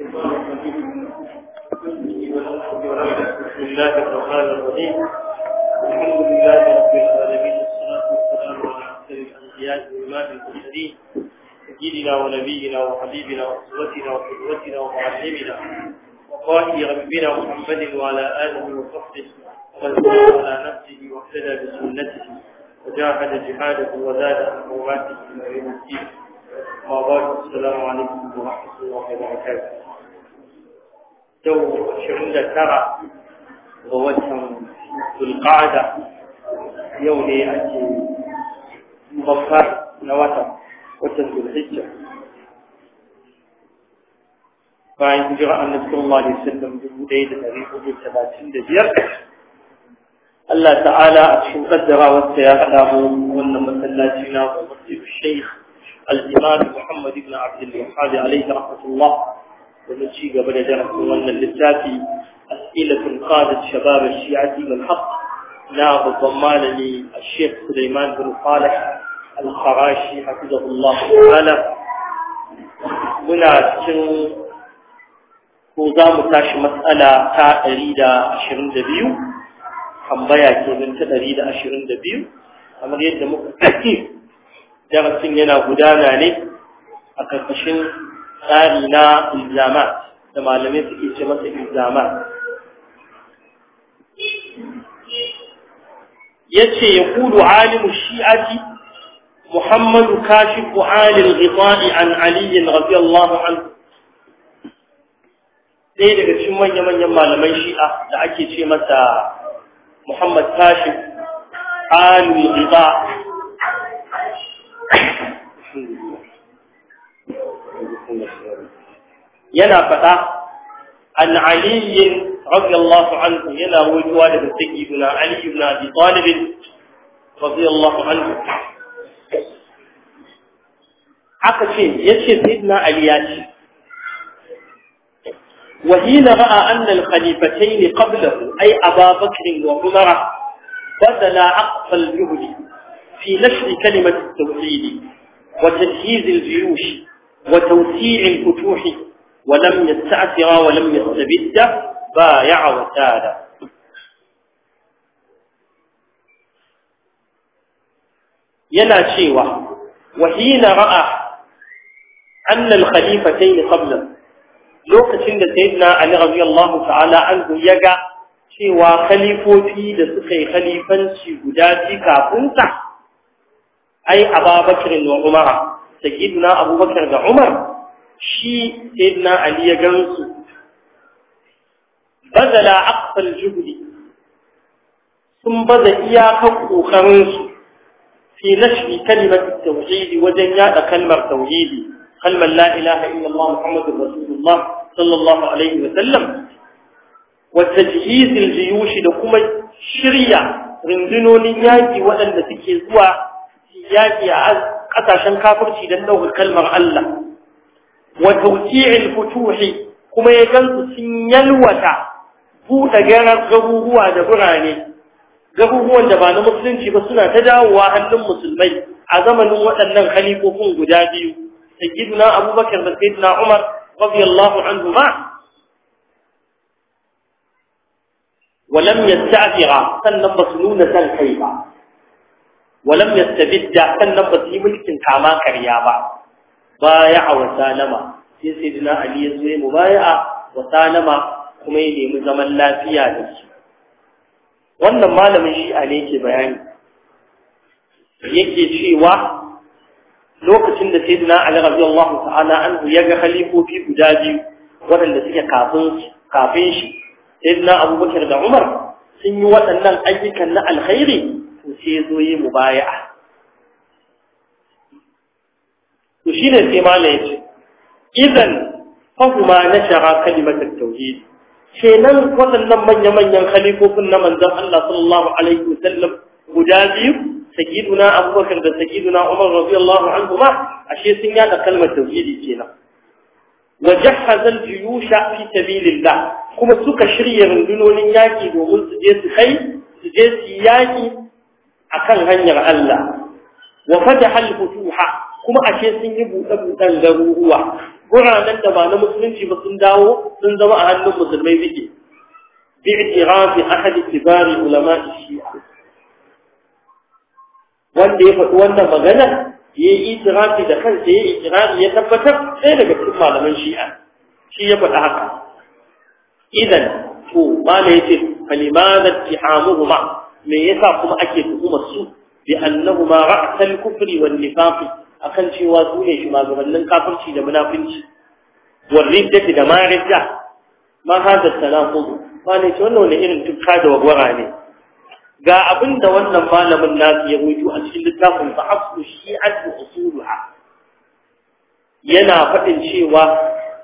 الحمد لله رب العالمين والصلاة والسلام على أفضل الأنبياء وإمام المرسلين سيدنا ونبينا وحبيبنا وأسوتنا وقدوتنا ومعلمنا وقائد ربنا محمد وعلى آله وصحبه ومن على نفسه واهتدى بسنته وجاهد جهاده وزاد عن قوماته إلى يوم الدين السلام عليكم ورحمة الله وبركاته yau ashirin da tara ga watan zulƙada yau ne ake babbar na watan watan zulhijja bayan hijira annabi sallallahu alaihi wasallam dubu ɗaya da ɗari hudu talatin da biyar Allah ta'ala a cikin kaddarawarsa ya haɗa mu wannan masallaci na mu masjidu shaykh al domin ci gaba da darasin wannan littafi as'ilatun qadat shabab ash-shi'ati wal babban malami Sheikh Sulaiman bin Salih Al-Farashi hafizahullah ta'ala muna cikin ko za mu tashi matsala ta 122 tambaya ke min ta 122 kamar yadda muka darasin yana gudana ne a karkashin tsari na ilzamat da malamai suke ce masa ilzamat yace ya kudu alimu shi'ati muhammadu kashifu alil ghita'i an aliyin radiyallahu anhu ɗaya daga cikin manya-manyan malaman shi'a da ake ce masa muhammad kashi alil ghita'i yana faɗa an ali radiyallahu anhu yana wujuwa daga sayyiduna ali ibn abi talib radiyallahu anhu aka ce yace sayyidina ali ya ce وحين رأى أن الخليفتين قبله أي أبا بكر وعمر بذل أقصى الجهد في نشر كلمة التوحيد وتجهيز الجيوش وتوسيع الفتوح ولم يستعثر ولم يستبد بايع وسال يلا شيوة وحين رأى أن الخليفتين قبل لوك سند سيدنا علي رضي الله تعالى عنه يقع شيوة خليفو في لسخي خليفا شهداتي كابنسا أي أبا بكر وعمر sayyidina abubakar da umar shi sayyidina ali ya gansu bazala aqsal juhdi sun baza iyakan kokarinsu في نشر كلمة التوحيد وجنياء كلمة التوحيد كلمة لا إله إلا الله محمد رسول الله صلى الله عليه وسلم وتجهيز الجيوش لكم شريع رندنون ياجي وأن تكيزوا ياجي عز kasashen kafirci dan dauka kalmar Allah wa tawti'il futuhi kuma ya gantsu sun yalwata buɗe garar gabuwa da burane gabuwan da ba na musulunci ba suna ta dawowa hannun musulmai a zamanin waɗannan khalifofin guda biyu sayyiduna abubakar da sayyiduna umar radiyallahu anhu ma ولم يستعفر سنن بسنون سن كيبا walam yastabidda sannan ba su yi mulkin kama karya ba baya a wasalama sai sayyidina ali ya zo ya mubaya'a wasalama kuma ya nemi zaman lafiya da su wannan malamin shi ne yake bayani yake cewa lokacin da saidina ali radiyallahu ta'ala anhu ya ga khalifofi guda biyu waɗanda suke kafin shi saidina abubakar da umar sun yi waɗannan ayyukan na alkhairi to sai zo yi mubaya'a to ne sai malai ce idan fahuma nashara kalimatul tauhid kenan waɗannan manya-manyan khalifofin na manzon Allah sallallahu alaihi wasallam guda biyu sayyiduna Abubakar da sakiduna Umar radiyallahu ma ashe sun yada kalmar tauhidi kenan jahaza al في fi sabilillah kuma suka shirya rundunonin yaki domin su je su kai su je su yaki akan hanyar Allah wa fatahal futuha kuma ashe sun yi buɗe buɗen garuruwa guranan da ba na musulunci ba sun dawo sun zama a hannun musulmai suke bi itirafi ahadi kibari ulama shi'a wanda ya faɗi wannan maganar ya yi itirafi da kansa ya yi itirafi ya tabbatar sai daga cikin malaman shi'a shi ya faɗi haka idan to ma ne yace kalimatan tihamuhuma me yasa kuma ake tuhumar su bi annahuma ra'sal kufri wan nifaq akan cewa su ne shugabannin kafirci da munafinci wal riddati da ma ma hada talaqudu wani ce wannan wani irin tukka da wagwara ne ga abinda wannan malamin nasu ya a cikin littafin sa asu shi'atu usuluha yana faɗin cewa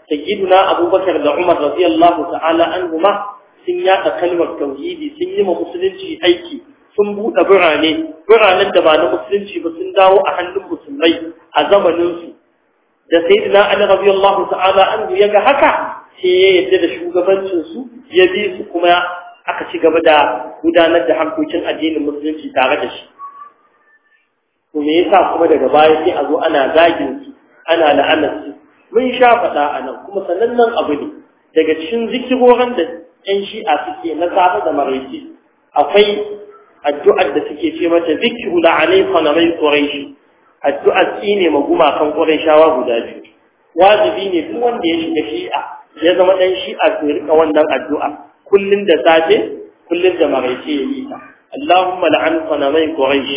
sayyiduna abubakar da umar radiyallahu ta'ala anhuma sun yaɗa kalmar tauhidi sun yi ma musulunci aiki sun buɗe birane biranen da ba na musulunci ba sun dawo a hannun musulmai a zamaninsu da sayyidina ali radiyallahu ta'ala an ya ga haka sai ya yadda da shugabancin su ya bi su kuma aka ci gaba da gudanar da harkokin addinin musulunci tare da shi to me yasa kuma daga baya sai a zo ana zagin su ana la'anar su mun sha faɗa a nan kuma sanannen abu ne daga cikin zikirorin da in shi'a suke na safe da maraice akwai addu'ar da suke ce mata zikru la alai qanamai quraish addu'a ce ne maguma kan qurayshawa guda biyu wajibi ne duk wanda ya shiga shi'a ya zama dan shi'a to rika wannan addu'a kullun da safe kullun da maraice ya yi ta اللهم لعن قنمي قريش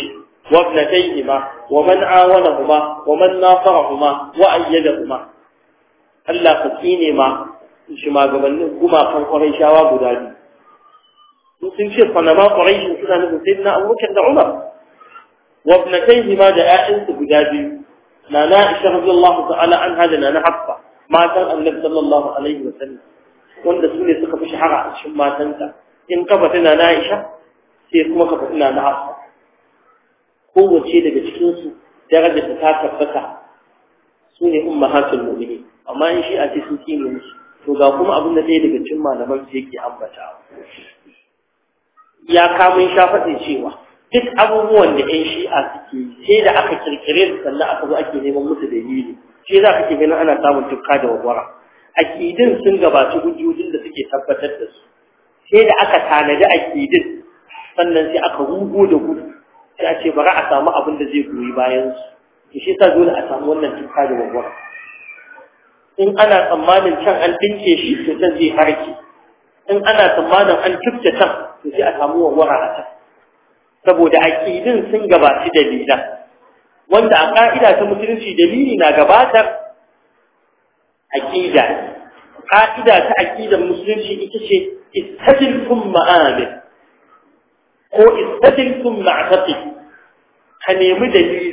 وابنتيهما ومن عاونهما ومن ناصرهما وأيدهما Allah ka tsine ma shugabannin gumakan ƙwarai shawa guda biyu sun sun ce sanama ƙwarai shi suna nufin sai na abubakar da umar wabnatai hima da 'ya'yansu guda biyu na na isha radiyallahu ta'ala an hada na na haffa matan annabi sallallahu alaihi wa sallam wanda su ne suka fi shahara a cikin matanta in kafa tana na isha sai kuma kafa tana na haffa kowace daga cikinsu darajar ta tabbata su ne ummahatul mu'minin amma in shi a ce sun kime musu to ga kuma abin da ɗaya daga cin malaman su yake ambata ya kamun faɗin cewa duk abubuwan da 'yan shi'a suke sai da aka kirkire su sannan aka zo ake neman musu dalili sai za ka ke ganin ana samun tukka da wawara akidin sun gabaci hujjojin da suke tabbatar da su sai da aka tanadi ƙidin sannan sai aka rugo da gudu sai a ce bari a samu abin da zai goyi bayan su shi dole a samu wannan tukka da wawara in ana tsammanin can an dinke shi to can zai farke in ana tsammanin an kifce can to sai a samu wawara a can saboda aqidin sun gabaci dalilan wanda a ka'ida ta musulunci dalili na gabatar aqida ka'ida ta aƙidan musulunci ita ce istadil thumma amin ko istadil thumma aqid ka nemi dalili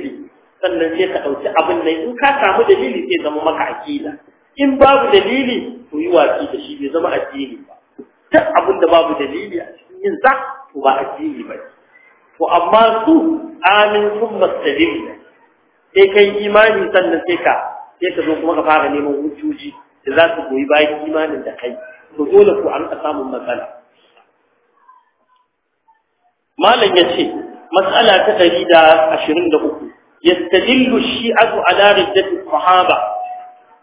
sannan sai ka ɗauki abin nan in ka samu dalili sai zama maka aƙida in babu dalili to yi watsi da shi bai zama addini ba duk abin da babu dalili a cikin yin za to ba addini ba to amma su amin sun mastalim ne sai kai imani sannan sai ka sai ka zo kuma ka fara neman hujjoji da za su goyi bayan imanin da kai to dole ku an samun matsala malam ya ce matsala ta ɗari da ashirin da uku yastadillu shi'atu ala riddati sahaba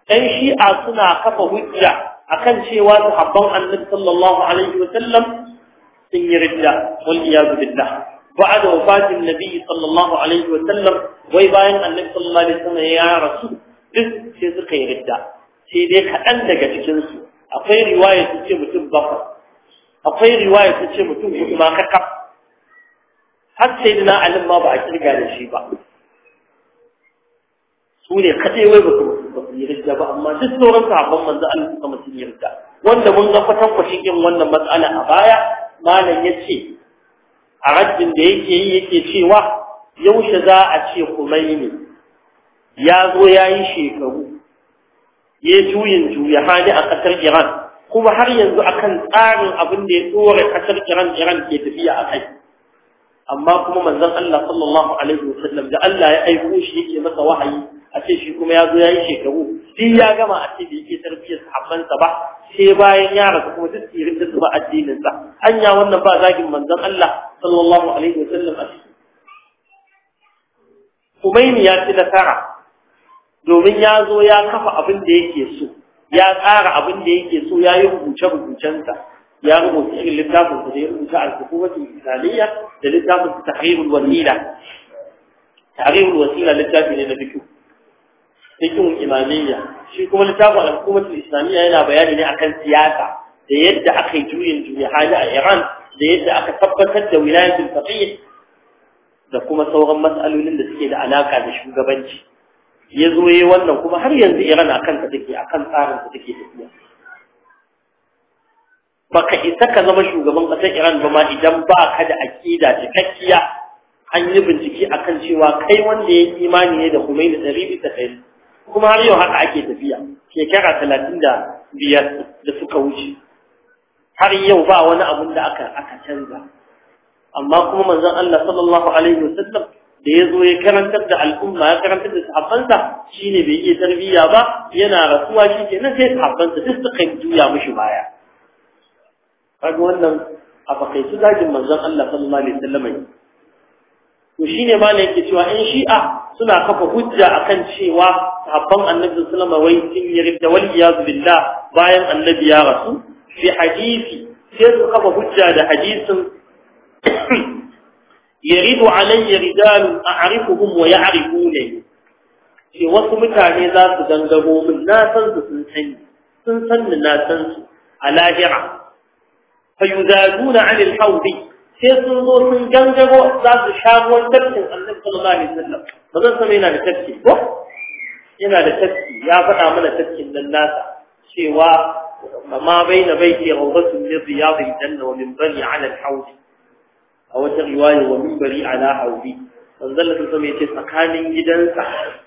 dan shi'a suna kafa hujja akan cewa sahabban annabi sallallahu alaihi wasallam sun yi ridda wal iyad billah ba'd wafat annabi sallallahu alaihi wasallam wai bayan annabi sallallahu alaihi wasallam ya rasu duk sai suka yi ridda sai dai kaɗan daga cikinsu. su akwai riwaya ta ce mutum bakwai akwai riwaya ta ce mutum hudu ma sai ba a kirga da shi ba su ne kaɗai wai ba su ba amma duk sauran sahabban manzo Allah suka musu yi wanda mun ga fatan kwashin yin wannan matsala a baya malam ya ce a raddin da yake yi yake cewa yaushe za a ce ne? ya zo ya yi shekaru ya juyin juya hali a ƙasar iran kuma har yanzu akan tsarin abin da ya tsore ƙasar iran iran ke tafiya a kai amma kuma manzon Allah sallallahu alaihi wasallam da Allah ya aiko shi yake masa wahayi a ce shi kuma ya zo ya yi shekaru shi ya gama a ce da yake tarbiyyar sahabbansa ba sai bayan ya rasu kuma duk irin da su ba addininsa anya wannan ba zagin manzon Allah sallallahu alaihi wasallam a ciki Umaini ya ci nasara domin ya zo ya kafa abin da yake so ya tsara abin da yake so ya yi rubuce-rubucensa ya rubuta irin littafin da ya rubuta al-hukumatul misaliya da littafin tahrirul wasila tahrirul wasila littafi ne na fiqhun imamiyya shi kuma littafin a hukumatul islamiyya yana bayani ne akan siyasa da yadda aka yi juyin juya hali a Iran da yadda aka tabbatar da wilayatul faqih da kuma sauran mas'alolin da suke da alaka da shugabanci ya zo yi wannan kuma har yanzu Iran akan ta take akan tsarin ta take tafiya baka isa ka zama shugaban ƙasar Iran ba ma idan ba ka da aƙida cikakkiya an yi bincike akan cewa kai wanda ya imani ne da da ɗari bisa ɗari kuma har yau haka ake tafiya shekara talatin da biyar da suka wuce har yau ba wani abun da aka aka canza amma kuma manzon Allah sallallahu alaihi wasallam da ya zo ya karantar da al'umma ya karantar da sahabbansa shine bai iya tarbiyya ba yana rasuwa shi ke nan sai sahabbansa duk suka juya mishi baya kaga wannan a fakaitu zagin manzon Allah sallallahu alaihi wasallam to shine ne yake cewa in shi'a suna kafa hujja akan cewa sahabban annabi sallallahu alaihi wasallam wai sun yarda wal iyaz billah bayan annabi ya rasu fi hadisi sai su kafa hujja da hadisin yaridu alayya rijalun a'rifuhum wa ya'rifuni ce wasu mutane za su gangamo min na san su sun sani sun san ni na san su a lahira fa yuzaduna 'ala al-hawdi sai sun zo sun gangago za su sha ruwan tafkin annabi sallallahu alaihi wasallam ba zan sama yana da tafki ko yana da tafki ya faɗa mana tafkin nan nasa cewa ma baina baiti rawdatun min riyadil janna wa min bari ala al-hawd a wata riwaya wa min bari ala hawdi manzon Allah sun yace tsakanin gidansa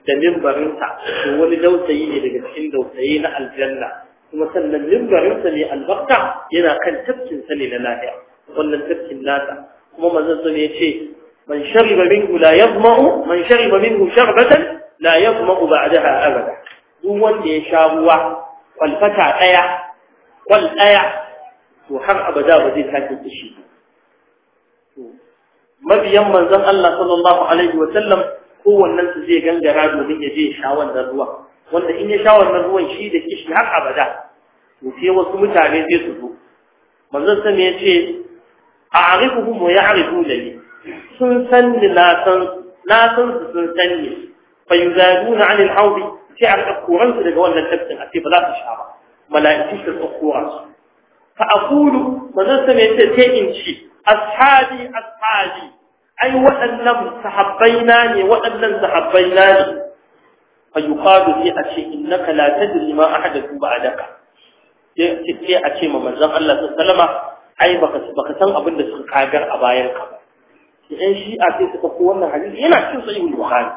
da mimbarinsa to wani dausayi ne daga cikin dausayi na aljanna kuma sannan mimbarinsa ne albarka yana kan tafkin sa ne na lafiya wannan tafkin nasa kuma manzon sun yace man shariba minhu la yadma'u man shariba minhu sharbatan la a ba'daha abada duk wanda ya sha ruwa kwalfata ɗaya, kwal ɗaya, to har abada ba zai sake kishi mabiyan manzon Allah sallallahu alaihi wa sallam kowannen su zai gangara domin ya je sha wannan ruwa wanda in ya sha wannan ruwan shi da kishi har abada to sai wasu mutane zai su zo manzon sa me yace a'rifuhum wa ya'rifuna li sun san ni na san na san su sun san ni فيزادون عن الحوض شعر أكورنس لجوال التبسم أتي فلا تشعر ملائكيش الأكورنس فأقول ماذا سمعت تئن شيء أصحابي أصحابي أي وأنم سحبيناني وأنم سحبيناني فيقال في أشيء إنك لا تدري ما أحدث بعدك sai a ce ma manzon Allah sallama ai baka baka san abin da suka kagar a bayan ka yan shi'a sai suka ko wannan hadisi yana cikin sahih bukhari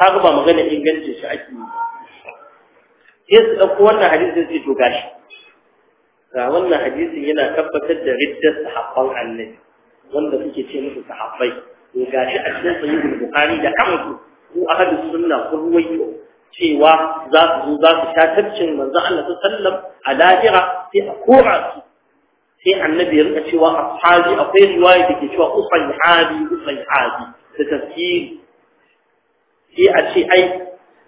kaga ba magana ingancin shi ake yi sai su ɗauko wannan hadisin sai to gashi ga wannan hadisin yana tabbatar da riddar sahabban annabi wanda suke ce musu sahabbai to gashi a cikin sahihul bukhari da kansu ko ahadu sunna ko ruwayo cewa za su zo za su sha tabbacin manzo Allah sallam a lahira sai a kora su sai annabi ya rika cewa ashabi akwai riwaya da ke cewa usan hadi usan hadi da tafsiri sai a ce ai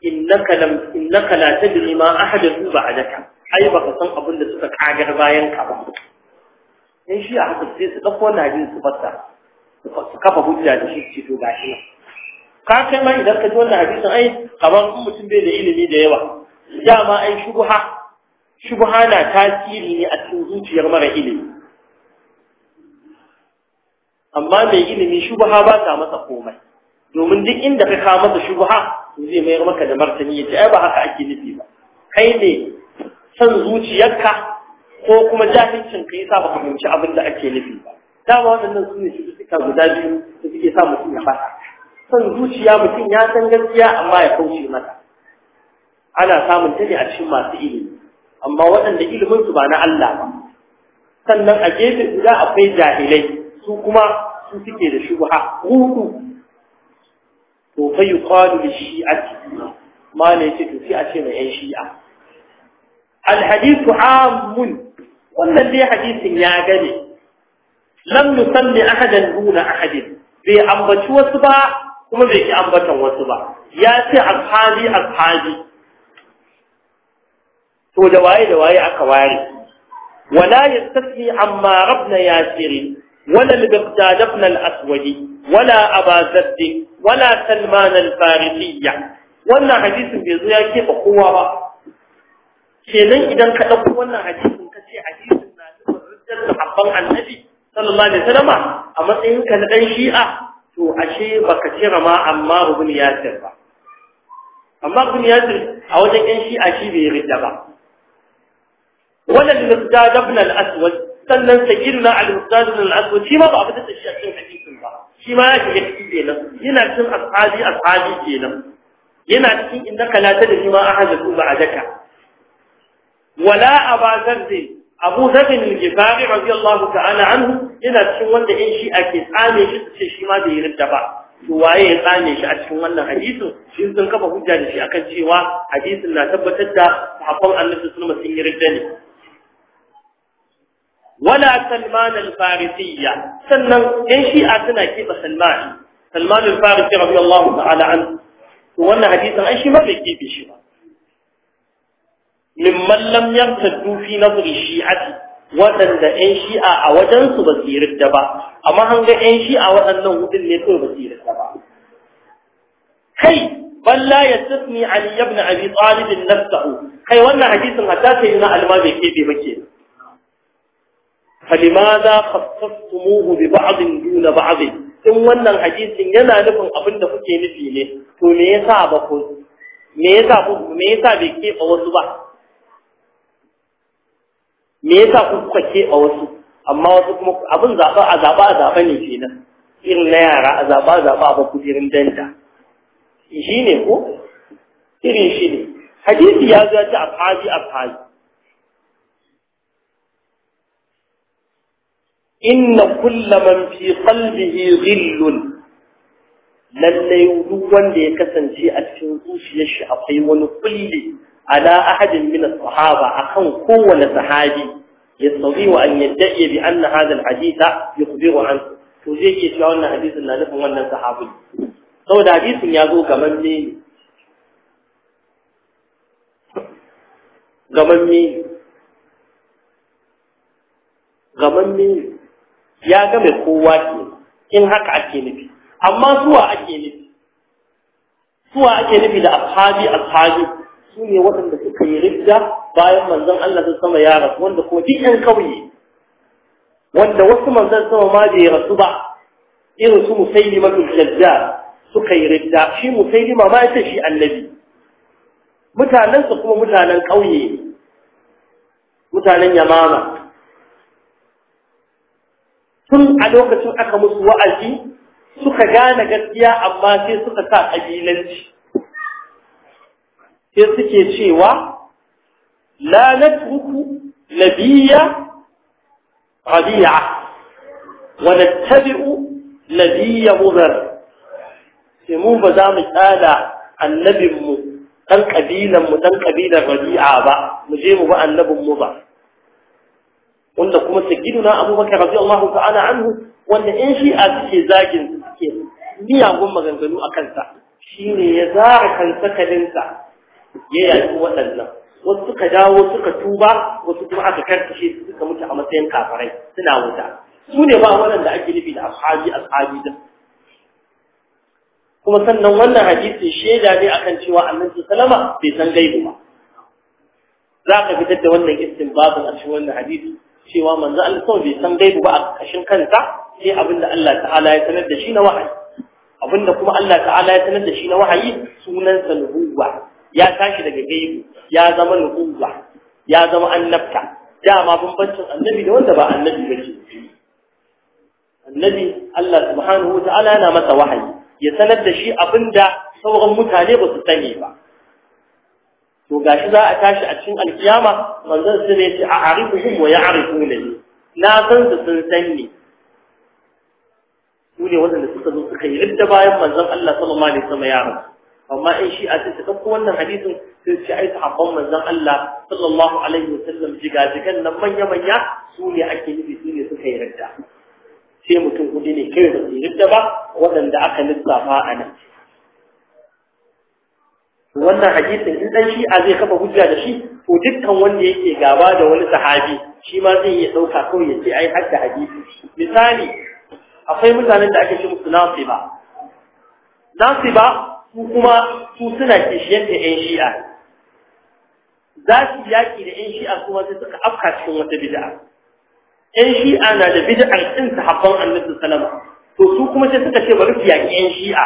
innaka lam innaka la tadri ma ahadathu ba'daka ai baka san abin da suka kagar bayan ka ba in shi a haka sai su dauko jin su fata su kafa hujja da shi ce to gashi na ka kai ma idan ka ji wannan hadisin ai kamar mutum bai da ilimi da yawa dama ai shubha shubha na tasiri ne a cikin zuciyar mara ilimi amma mai ilimi shubha ba ta masa komai domin duk inda ka kawo masa shubha zai mayar maka da martani ya ce ai ba haka ake nufi ba kai ne san zuciyarka ko kuma jahilcin ka yasa baka fahimci abin da ake nufi ba dama waɗannan su ne cututtuka guda biyu da suke sa mutum ya fata san zuciya mutum ya san gaskiya amma ya kauce mata ana samun ta ne a cikin masu ilimi amma waɗanda iliminsu ba na Allah ba sannan a gefe guda akwai jahilai su kuma su suke da shubha hudu to fa yuqalu li shi'ati ma ne ce to sai ce mai yan shi'a al hadithu amun wannan dai hadisin ya gane lam nusalli ahadan duna ahadin bai ambaci wasu ba kuma bai ki ambatan wasu ba ya ce ashabi ashabi to da waye da waye aka ware wala yastasmi amma rabna yasiri wala al al-aswadi wala aba zaddi wala salman al-farisiyya wannan hadisin bai zo ya keɓe kowa ba kenan idan ka ɗauko wannan hadisin ka ce hadisin na nufin riddar sahabban annabi sallallahu alaihi wasallam a matsayin na ɗan shi'a to ashe baka cira ma amma ibn yasir ba amma ibn yasir a wajen yan shi'a shi bai ridda ba wannan miqdad ibn al sannan sayyidina al shi ma ba a fitar da shi a shi ma ya shiga ciki kenan yana cikin ashabi ashabi kenan yana cikin innaka a tadri ma a ba'daka wala aba zarri abu zarri min gifari radiyallahu ta'ala anhu yana cikin wanda in shi ake tsame shi ce shi ma bai ridda ba to waye ya tsame shi a cikin wannan hadisin shi sun kafa hujja da shi akan cewa hadisin na tabbatar da sahabban annabi sallallahu alaihi wasallam sun yi ridda ne wala salman al sannan ɗan shi'a suna keɓe salman salman al-farisi radiyallahu ta'ala an to wannan hadisin an shi ma bai keɓe shi ba mimman lam yartaddu fi nazri shi'ati waɗanda ɗan shi'a a wajensu ba su ba amma ne ba kai بل لا يستثني علي بن ابي طالب نفسه kai wannan hadisin hatta sai na alma bai kebe فلماذا خصصتموه ببعض دون بعض in wannan hadisin yana nufin abin da kuke nufi ne to me yasa ba ku me yasa ku me yasa bai keɓa wasu ba me yasa ku kuka keɓa wasu amma wasu kuma abin zaɓa a zaɓa a ne kenan irin na yara a zaɓa a zaɓa a baku irin danta shi ne ko irin shi ne hadisi ya zo ya ce a ashabi inna kulla man fi qalbihi ghillun lallai duk wanda ya kasance a cikin zuciyar shi akwai wani kulli ala ahadin min as-sahaba akan kowane sahabi yastawi wa an yadda'i bi anna hadha al-haditha yukhbiru an to zai ke cewa wannan hadisin na nufin wannan sahabi saboda hadisin ya zo gaman me gaman me gaman me ya ga mai kowa ke in haka ake nufi amma suwa ake nufi suwa ake nufi da ashabi ashabi su ne waɗanda suka yi ridda bayan manzon Allah sun sama ya rasu wanda kuma duk ƴan kauye wanda wasu manzon sama ma bai rasu ba irin su musailima tul jadda suka yi ridda shi musailima ma yace shi annabi mutanensa kuma mutanen kauye mutanen yamama tun a lokacin aka musu wa'azi suka gane gaskiya amma sai suka sa kabilanci sai suke cewa la natruku nabiyya rabi'a wa nattabi'u nabiyya mudhar sai mu ba za mu tsada annabinmu dan kabilan mu dan kabilan rabi'a ba mu je mu ba annabinmu ba wanda kuma na abubakar radiyallahu ta'ala anhu wanda in shi a suke zagin suke miyagun maganganu a kansa shine ya zara kansa kalinsa ya yaki waɗannan wasu suka dawo suka tuba wasu kuma aka karkashe su suka mutu a matsayin kafarai suna wuta su ne ba waɗanda ake nufi da ashabi ashabi da. kuma sannan wannan hadisi shaida ne akan cewa annabi salama bai san gaibu ba za ka fitar da wannan istinbabin a cikin wannan hadisi cewa manzo Allah sau bai san gaibu ba a kashin kansa sai abinda Allah ta'ala ya sanar da shi na wahayi abinda kuma Allah ta'ala ya sanar da shi na wahayi sunansa nubuwa ya tashi daga gaibu ya zama nubuwa ya zama annabta dama bambancin annabi da wanda ba annabi ba ce annabi Allah subhanahu wa ta'ala yana masa wahayi ya sanar da shi abinda sauran mutane ba su sani ba to gashi za a tashi a cikin alkiyama manzon sai ya ce a arifuhum wa ya'rifuna ni na san su sun san ni su ne wanda suka zo suka yi idda bayan manzon Allah sallallahu alaihi wasallam ya rasu amma in shi a cikin kakko wannan hadisin sai ce ai sahabban manzon Allah sallallahu alaihi wasallam jigajigan nan manya manya su ne ake nufi su ne suka yi idda sai mutum kudi ne kai ba su yi idda ba waɗanda aka lissafa a nan wannan hadisin in dan shi'a zai kafa hujja da shi to dukkan wanda yake gaba da wani sahabi shi ma zai iya dauka kawai ya ce ai hadda hadisi misali akwai mutanen da ake cewa musu nasiba nasiba su kuma su suna kishiyar da yan shi'a za su yaki da yan shi'a kuma sai suka afka cikin wata bid'a yan shi'a na da bidi'ar din sahabban annabi sallallahu alaihi wasallam to su kuma sai suka ce bari su yaki yan shi'a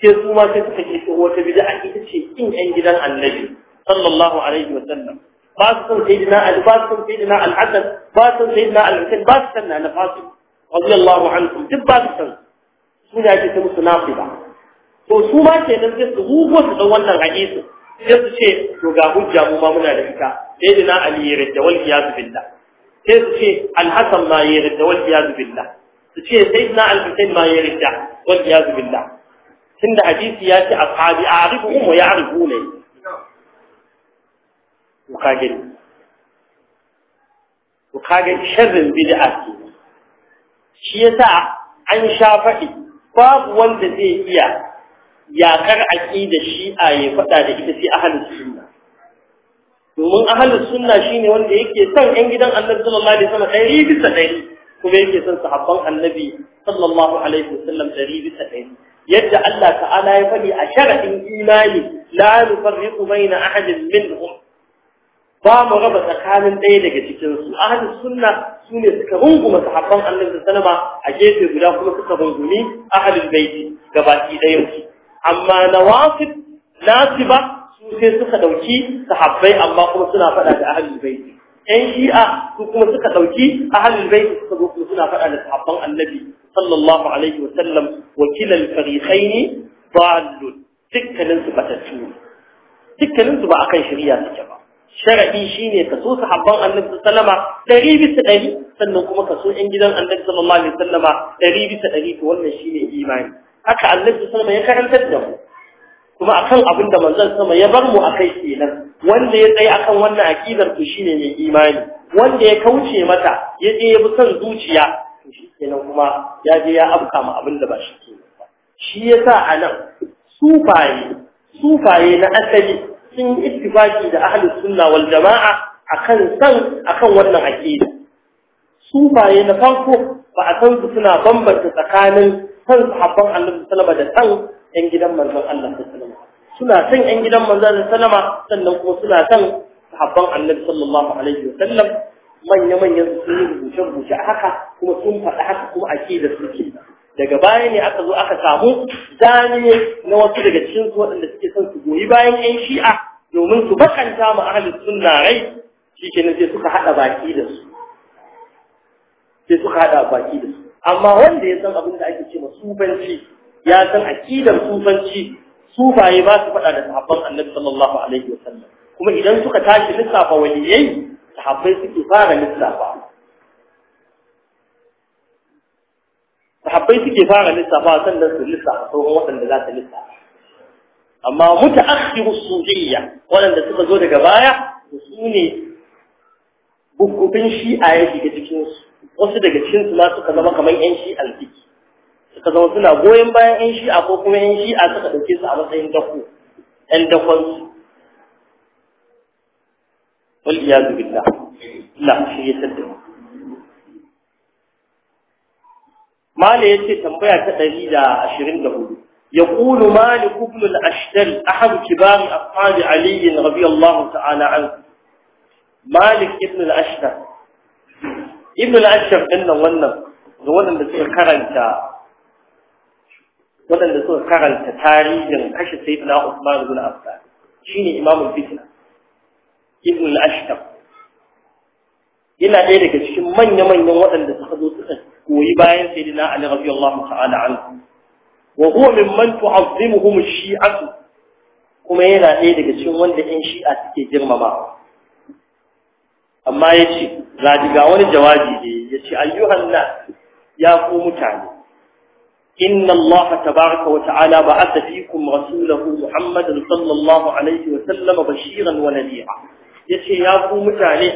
sai su ma sai suka kirkiro wata bid'a ita ce kin yan gidan annabi sallallahu alaihi wa sallam ba su son sayyidina ali ba su son sayyidina al-hasan ba su son sayyidina al-husain ba su son na fasu radiyallahu anhum duk ba su san su ne ake ta musu nafiba to su ma kenan sai su rugo su dan wannan hadisi sai su ce to ga hujja mu ma muna da ita sayyidina ali ya rida wal iyaz billah sai su ce al-hasan ma ya rida wal iyaz billah su ce sayyidina al-husain ma ya rida wal iyaz billah tunda hadisi ya ce ashabi a'rifuhum wa ya'rifuna ku kage ku kage sharrin bid'a ce shi yasa an sha faɗi babu wanda zai iya yakar aqida shi'a ya faɗa da ita sai ahlus sunna domin ahlus sunna shine wanda yake son ɗan gidan Annabi sallallahu alaihi wasallam ɗari bisa ɗari kuma yake son sahabban Annabi sallallahu alaihi wasallam ɗari bisa ɗari yadda Allah ta'ala ya faɗi a sharadin imani la nufarriqu baina ahadin minhum ba mu raba tsakanin ɗaya daga cikin su ahli sunna su ne suka runguma sahabban annabi sallama a gefe guda kuma suka rungumi ahli baiti gabaki ɗayan su amma nawasib nasiba su sai suka ɗauki sahabbai amma kuma suna faɗa da ahli baiti Ƴan shi'a su kuma suka ɗauki ahalul baiti suka zo kuma suna faɗa da sahabban annabi sallallahu alaihi wa sallam wa kilal fariqaini dallun dukkanin su batattu dukkanin su ba akan shari'a suke ba sharadi shine ka so sahabban annabi sallama ɗari bisa ɗari sannan kuma ka so yan gidan annabi sallallahu alaihi wa sallama ɗari bisa ɗari to wannan shine imani haka annabi sallama ya karantar da mu kuma akan abin da manzon sama ya bar mu akai kenan wanda ya tsaye akan wannan akidar to shine mai imani wanda ya kauce mata ya je ya bi son zuciya to shi kuma ya je ya afka ma abin da ba shi ke ba shi yasa anan sufaye sufaye na asali sun ittifaki da ahli sunna wal jama'a akan san akan wannan akida sufaye na farko ba a san su suna bambanta tsakanin san sahabban annabi sallallahu alaihi wasallam da san ‘yan gidan manzon Allah ta salama. Suna son ‘yan gidan manzon ta salama sannan kuma suna son sahabban annabi sallallahu alaihi wa sallam manya-manyan sun yi rubuce-rubuce haka kuma sun faɗi haka kuma a ke da suke. Daga baya ne aka zo aka samu zane na wasu daga cikin su waɗanda suke son su goyi bayan ‘yan shi'a domin su bakanta ma ahalin sunna rai shi kenan sai suka haɗa baki da su. Sai suka haɗa baki da su. Amma wanda ya san abin da ake ce ma sufanci ya san aqidar sufanci sufaye ba su faɗa da sahabban annabi sallallahu alaihi wa sallam. kuma idan suka tashi lissafa waliyai sahabbai suke fara lissafa sahabbai suke fara lissafa sannan su lissafa sauran waɗanda za ta lissafa amma muta'akhiru sufiyya waɗanda suka zo daga baya su ne bukubin shi'a ya shiga cikin wasu daga cikinsu ma suka zama kamar yan shi'an ciki suka zama suna goyon bayan yan shi'a ko kuma yan shi'a suka ɗauke su a matsayin dako yan dakon su wal iya billah Allah shi ya sadda mu ya ce tambaya ta ɗari da da ashirin hudu. Ya yaqulu malik ibn al-ashdal ahad kibar ashab ali radiyallahu ta'ala anhu malik ibn al-ashdal ibn al-ashdal din wannan da wannan da suka karanta waɗanda suka karanta tarihin kashe sayyidina Usman ibn Affan shine imamul fitna ibn al-Ashtab yana ɗaya daga cikin manya-manyan waɗanda suka zo suka koyi bayan sayyidina Ali radiyallahu ta'ala anhu wa huwa mimman tu'azzimuhum shiatu kuma yana ɗaya daga cikin wanda ƴan shi'a suke girmamawa amma yace ga wani jawabi da yace ayyuhan nas ya ku mutane إن الله تبارك وتعالى بعث فيكم رسوله محمد صلى الله عليه وسلم بشيرا ونذيرا يتي يا قوم تعالي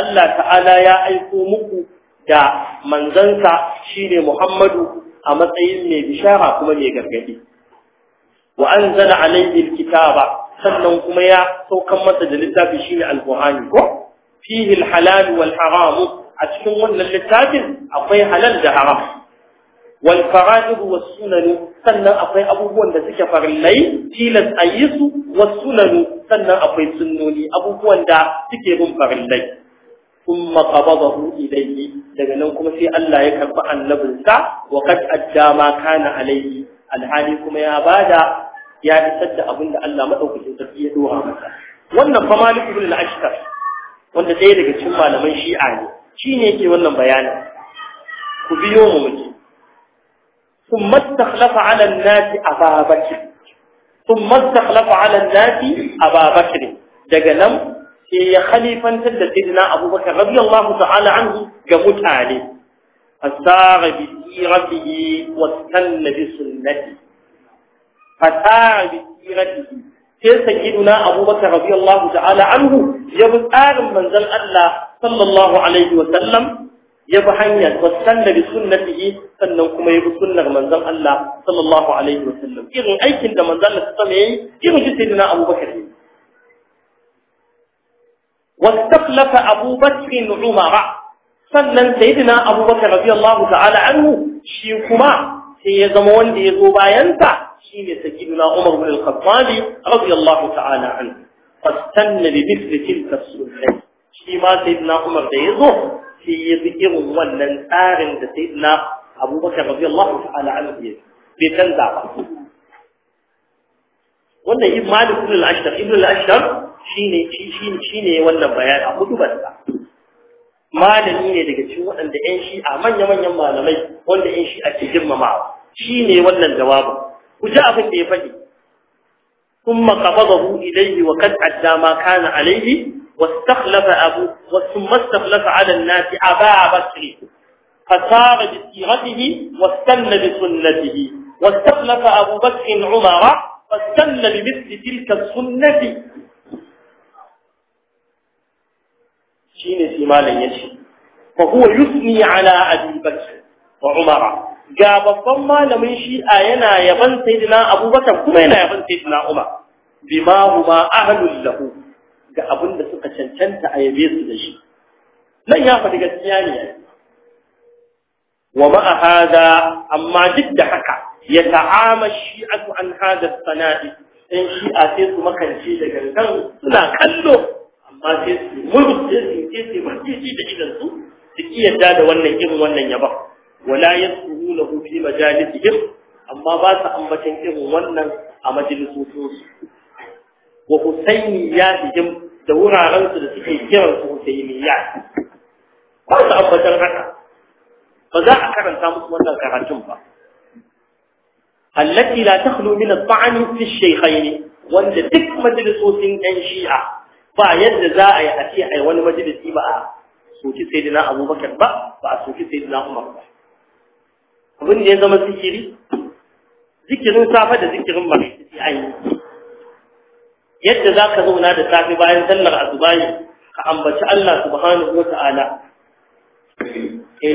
الله تعالى يا أيقومكم da manzansa shine Muhammadu a matsayin mai bishara kuma mai gargadi wa anzala alayhi alkitaba sannan kuma ya saukan masa da littafi shine alqur'ani ko fihi alhalal wal haram a cikin wannan littafin akwai halal da haram wal fara'id was sunan sannan akwai abubuwan da suke farillai tilas ayisu was sunan sannan akwai sunnoni abubuwan da suke bin farillai kuma kabadahu ilayhi daga nan kuma sai Allah ya karba annabinsa wa kad addama kana alayhi alhali kuma ya bada ya isar da abinda Allah madaukakin sarki ya doha masa wannan fa maliku bil wanda dai daga cikin malaman shi'a ne shine yake wannan bayani ku biyo mu muke ثم استخلف على الناس أبا بكر ثم استخلف على الناس أبا بكر دقنم هي خليفة سيدنا أبو بكر رضي الله تعالى عنه قمت عليه فسار بسيرته واستن بسنته فسار بسيرته sai sayyiduna abubakar radiyallahu ta'ala anhu ya bi tsarin manzon Allah sallallahu alaihi wa sallam ya bi hanyar wasanna na fiye sannan kuma ya bi sunnar manzon Allah sallallahu alaihi wa sallam. irin aikin da manzan Allah sallallahu alaihi wasallam yayi irin shi sayyidina Abu Bakar yayi واستخلف أبو بكر عمر sannan sayyidina Abu Bakar radiyallahu ta'ala anhu shi kuma sai ya zama wanda ya zo bayan sa shine sayyidina Umar bin al-Khattab radiyallahu ta'ala anhu fastanna bi mithli tilka sulh shi ma sayyidina Umar da ya zo sai ya bi irin wannan tsarin da sai na abubakar rabi Allah ta'ala an biye bai kan ba wannan yi ma da al lashtar, ibn al-ashtar shine shine wannan bayan a hudu ba sa malami ne daga cikin waɗanda shi a manya-manyan malamai wanda ƴan shi'a ke girmamawa ne wannan jawabin ku ji abin da ya faɗi Kuma ثم قبضه إليه wa kan ما kana عليه واستخلف أبو ثم استخلف على الناس أبا بكر فسار بسيرته واستنى بسنته واستخلف أبو بكر عمر فاستنى بمثل تلك السنة شين سمالا يشي فهو يثني على أبي بكر وعمر ga babban malamin shi'a yana سيدنا أبو بكر kuma yana يبن سيدنا عمر بما هما أهل له ga abin da suka cancanta a yabe su da shi nan ya faɗi gaskiya ne wa ma'a hada amma duk da haka ya ta'ama shi'atu an hada sana'i shi shi'a sai su makance da gangan suna kallo amma sai su murmuce su ce su murmuce da idan su su kiyarda da wannan irin wannan yaba wala lahu fi majalisihim amma ba su ambatan irin wannan a majalisocinsu wa husaini ya hijim da wuraren da suke kiran su husainiyya ba su abbatar haka ba za a karanta musu wannan karatun ba allati la takhlu min at-ta'n fi ash-shaykhayn wanda duk majalisosin ɗan shi'a ba yadda za a yi a ce ai wani majalisi ba a soki sayyidina abubakar ba ba a soki sayyidina umar ba abin da ya zama zikiri zikirin safa da zikirin mara sai an yi yadda za ka zauna da safe bayan sallar azubayi ka ambaci Allah subhanahu wa ta'ala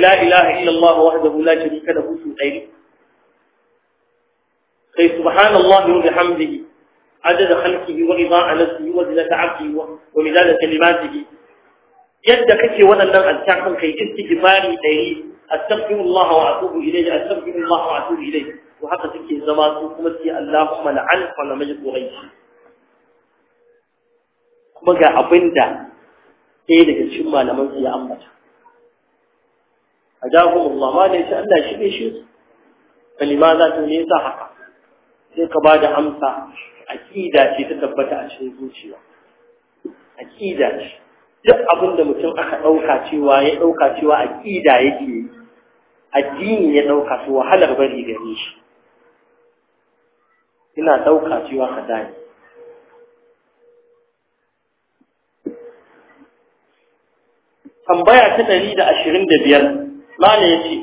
la ilaha illallah wahdahu la sharika lahu su ɗari kai subhanallah wa bihamdihi adada khalqihi wa rida'a nafsihi wa zinata 'abdihi wa midada kalimatihi yadda kake waɗannan azkarin kai istighfari ɗari astaghfirullah wa atubu ilayhi astaghfirullah wa atubu ilayhi to haka suke zama su kuma sai Allahumma la'an wa la majid ghayri kuma ga abin da ɗaya daga cikin malaman su ya ambata ajahum Allah ma ne sai Allah shi ne shi kalima za ta ne sa haka sai ka ba da amsa aqida ce ta tabbata a cikin zuciya aqida ce duk abin da mutum aka ɗauka cewa ya ɗauka cewa aƙida yake yi addini ya ɗauka su wahalar bari gare shi ina ɗauka cewa ka dani tambaya ta ɗari da ashirin da biyar mana ya ce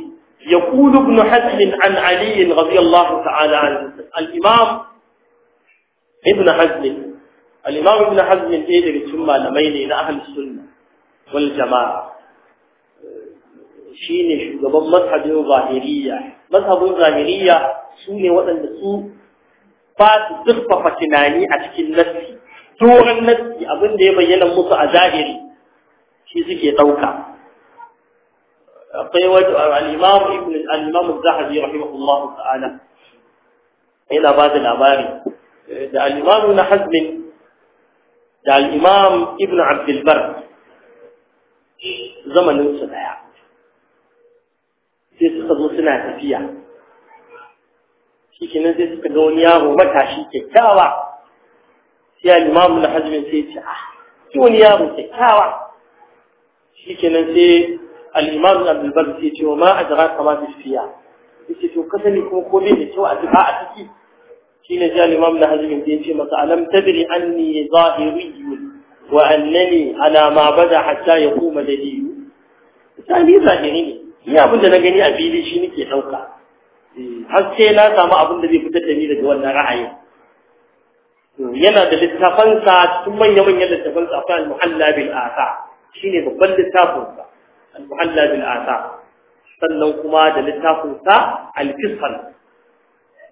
ya kulu ibn hasbin an aliyin radiyallahu ta'ala an al'imam ibn hasbin al'imam ibn hasbin ɗaya daga cikin malamai ne na ahal sunna jama'a shi ne shugaban mazhabin zahiriya mazhabin zahiriya su ne waɗanda su basu su tunani a cikin nassi turan abin da ya bayyana musu a zahiri shi suke ɗauka akwai wajen al'imam ibn al'imam zahabi rahimahullahu ta'ala yana ba da labari da al'imam na hazmin da al'imam ibn abdulbar zamaninsu daya sai suka zo suna tafiya shi kenan sai suka ga wani yaro matashi kyakkyawa sai al'imam na hazmin sai ce ah wani yaro kyakkyawa shikenan sai al-imam Abdul Barr sai ce ma a ajraka ma bisfiya yace to ne kuma ko da kyau a tuba a ciki Shi shine sai al-imam na da ya ce masa alam tadri anni zahiriyun wa annani ala ma bada hatta yaquma dalil tsani zahiri ne ni abin da na gani a fili shi nake ɗauka. har sai na samu abin da zai fitar da ni daga wannan ra'ayin yana da littafansa cikin manya-manyan littafansa akwai al-muhalla bil asa shine babban littafin sa al-muhalla bil athar sannan kuma da littafin sa al-fisal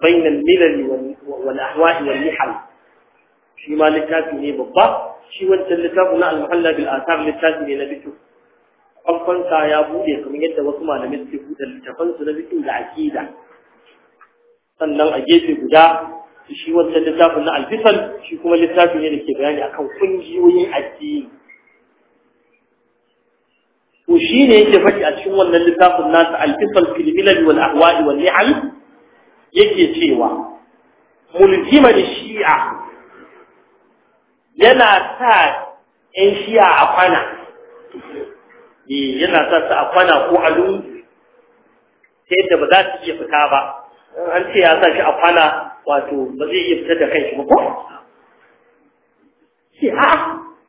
bain al-milal wal ahwa'i wal mihal shi ma littafi ne babba shi wancan littafin na al-muhalla bil athar littafi ne na bitu Kwakwan sa ya bude kamar yadda wasu malamai suke bude littafan su na bitu da aqida sannan a gefe guda shi wancan littafin na al-fisal shi kuma littafi ne da ke bayani akan kungiyoyin addini to shine yake faɗi a cikin wannan littafin nasa al-fisal fil milal wal ahwa'i wal ni'al yake cewa mulzima da shi'a yana sa ƴan shi'a a kwana eh, yana sa su a kwana ko a lungu ta yadda ba za su iya fita ba an ce ya sa shi a kwana wato ba zai iya fita da kanshi ba ko? Shi a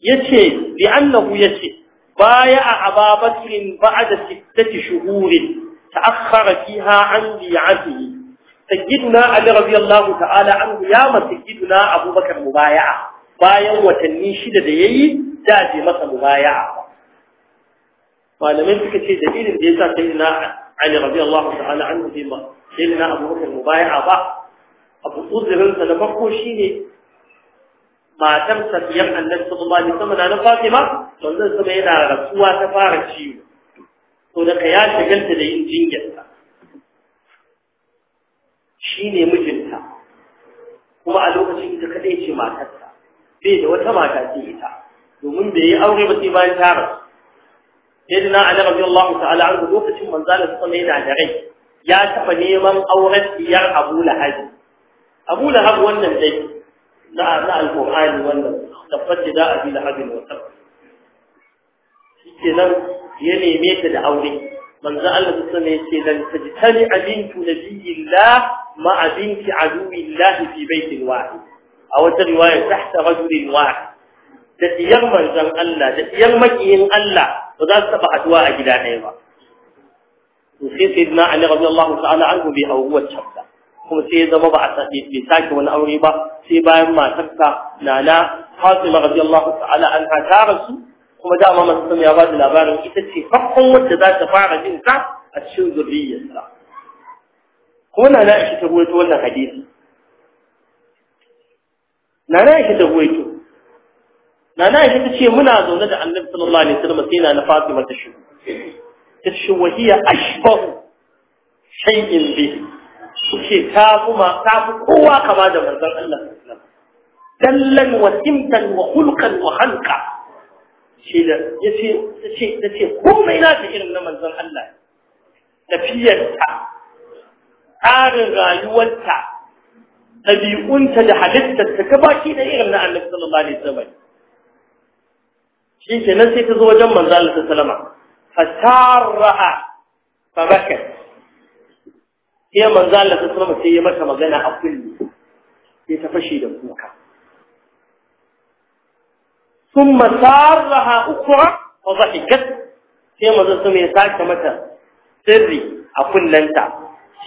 ya ce, bi annahu ya ce, بايع أبا بكر بعد ستة شهور تأخر فيها عن بيعته سيدنا علي رضي الله تعالى عنه يا ما سيدنا أبو بكر مبايعة bayan watanni shida da yayi da je masa mubaya'a malamai suka ce dalilin da yasa sai na Ali radiyallahu ta'ala anhu bai ma sai na Abu Bakar mubaya'a ba abu na farko shine matar safiyar annabi sallallahu alaihi wasallam na Fatima wannan sama yana rasuwa ta fara ciwo to da kaya shagalta da yin jinyarsa shine mijinta kuma a lokacin ita kadai ce matarsa bai da wata mata ce ita domin bai yi aure ba sai bayan ta rasu sayyidina ali radiyallahu ta'ala anhu lokacin alaihi wasallam yana da rai ya taɓa neman auren diyar Abu Lahab Abu Haji wannan dai na na alƙur'ani wannan tabbace da abi da habin wa tab shikenan ya neme ta da aure manzo Allah sun ne ce dan tajtani abintu nabiyillah ma abinti aduwillah fi baitin wahid a wata riwaya tahta rajulin wahid da diyar manzon Allah da diyar makiyin Allah ba za su taba haduwa a gida ɗaya ba to sai sayyidina Ali radiyallahu ta'ala anhu bai a wacce kuma sai ya zama ba a sake bai sake wani aure ba sai bayan matarsa nana Fatima radiyallahu ta'ala an ta rasu kuma da dama masu ya ba da labarin ita ce farkon wacce za ta fara jin ta a cikin zuriyarsa kuma nana shi ta ruwaito wannan hadisi nana shi ta ruwaito nana shi ta ce muna zaune da annabi sallallahu alaihi wasallam sai nana Fatima ta shigo ta ce wahiya ashbahu shay'in bihi su ce ta fi kowa kama da manzon Allah dallan wa simtan wa hulqan wa halqa shi da yace yace yace komai na ta irin na manzon Allah tafiyarta tsarin rayuwarta ɗabi'unta da halittarta gabaki da irin na annabi sallallahu alaihi wasallam shi ke nan sai ta zo wajen manzo Allah sallama fatarra fa bakat sai manzo Allah sai kuma sai ya mata magana a kulli sai ta fashe da kuka sarraha ukra wa وضحكت sai manzo sai ya sake mata sirri a kullanta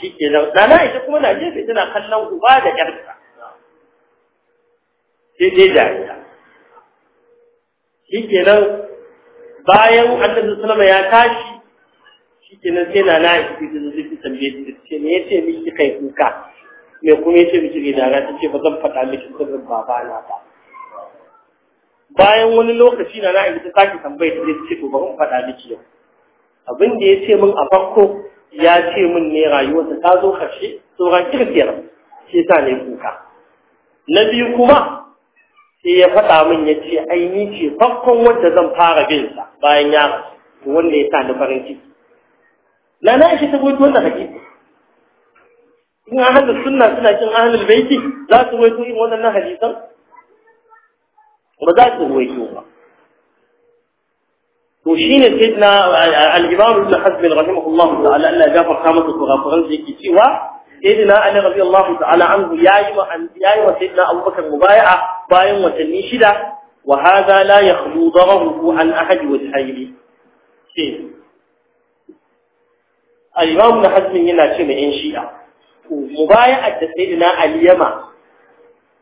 shi ke dana ita kuma na jefe tana kallon uba da yarsa sai dai da ita, shikenan nan bayan Allah sai ya tashi shikenan nan sai na na ita tambaye ta ce me yace miki kai kuka me kuma yace miki da dara ta ce ba zan faɗa miki sirrin babana ba bayan wani lokaci na na ta sake tambaye ta ce to faɗa miki yau abin da ya ce min a farko ya ce min ne rayuwarsa ta zo ƙarshe tsoron kirkiyar shi sa ne kuka na biyu kuma sai ya faɗa min ya ce ai ni ce farkon wanda zan fara bin sa bayan ya rasu wanda ya sa ni farin ciki لا لا شيء تقول تقول إيه؟ إن أهل السنة سنة إن أهل البيت لا تقول تقول إيه؟ مو أنها حديثا وبدأ تقول يوما وشين سيدنا الإمام ابن حزم رحمه الله تعالى أن جاب خامة الغفران في كتيبة سيدنا أن رضي الله تعالى عنه يا أيوة أن يا أيها سيدنا أبو بكر مبايع بايع وتنشده وهذا لا يخلو ضرره عن أحد وتحيله al-imam na hazmin yana ce mai yan shi'a mubaya'at da sayyidina ali yama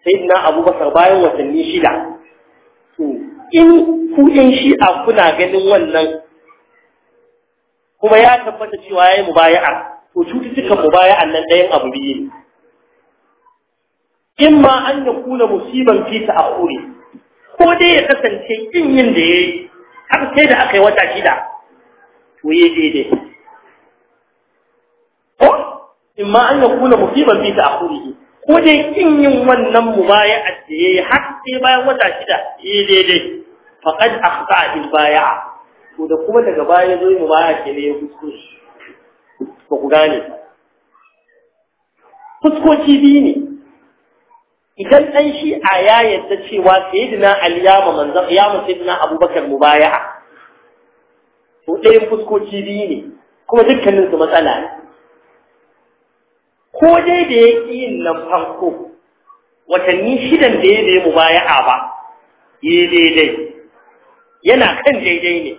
sayyidina abubakar bayan watanni shida to in ku yan shi'a kuna ganin wannan kuma ya tabbata cewa yayi mubaya'a to cututtukan mubaya'an nan ɗayan abu biyu In ma an kula musiban fi akuri ko dai ya kasance kin yin da yayi har sai da aka yi wata shida to yayi daidai In ma an yakuna musiban bi ta'khurihi ko dai kin yin wannan mubaya'a da yayi har sai bayan wata shida eh daidai faqad akhta al baya? to da kuma daga baya zo mu baya ke ne ya kuskure ba ku gane fuskoki biyu ne idan an shi a ya yadda cewa sayyidina ali ya ma manzon ya ma sayyidina abubakar mubaya'a to ɗayan fuskoki biyu ne kuma dukkanin su matsala ne ko dai da ya ƙi yin nan farko watanni shidan da ya nemi baya'a ba ya daidai yana kan daidai ne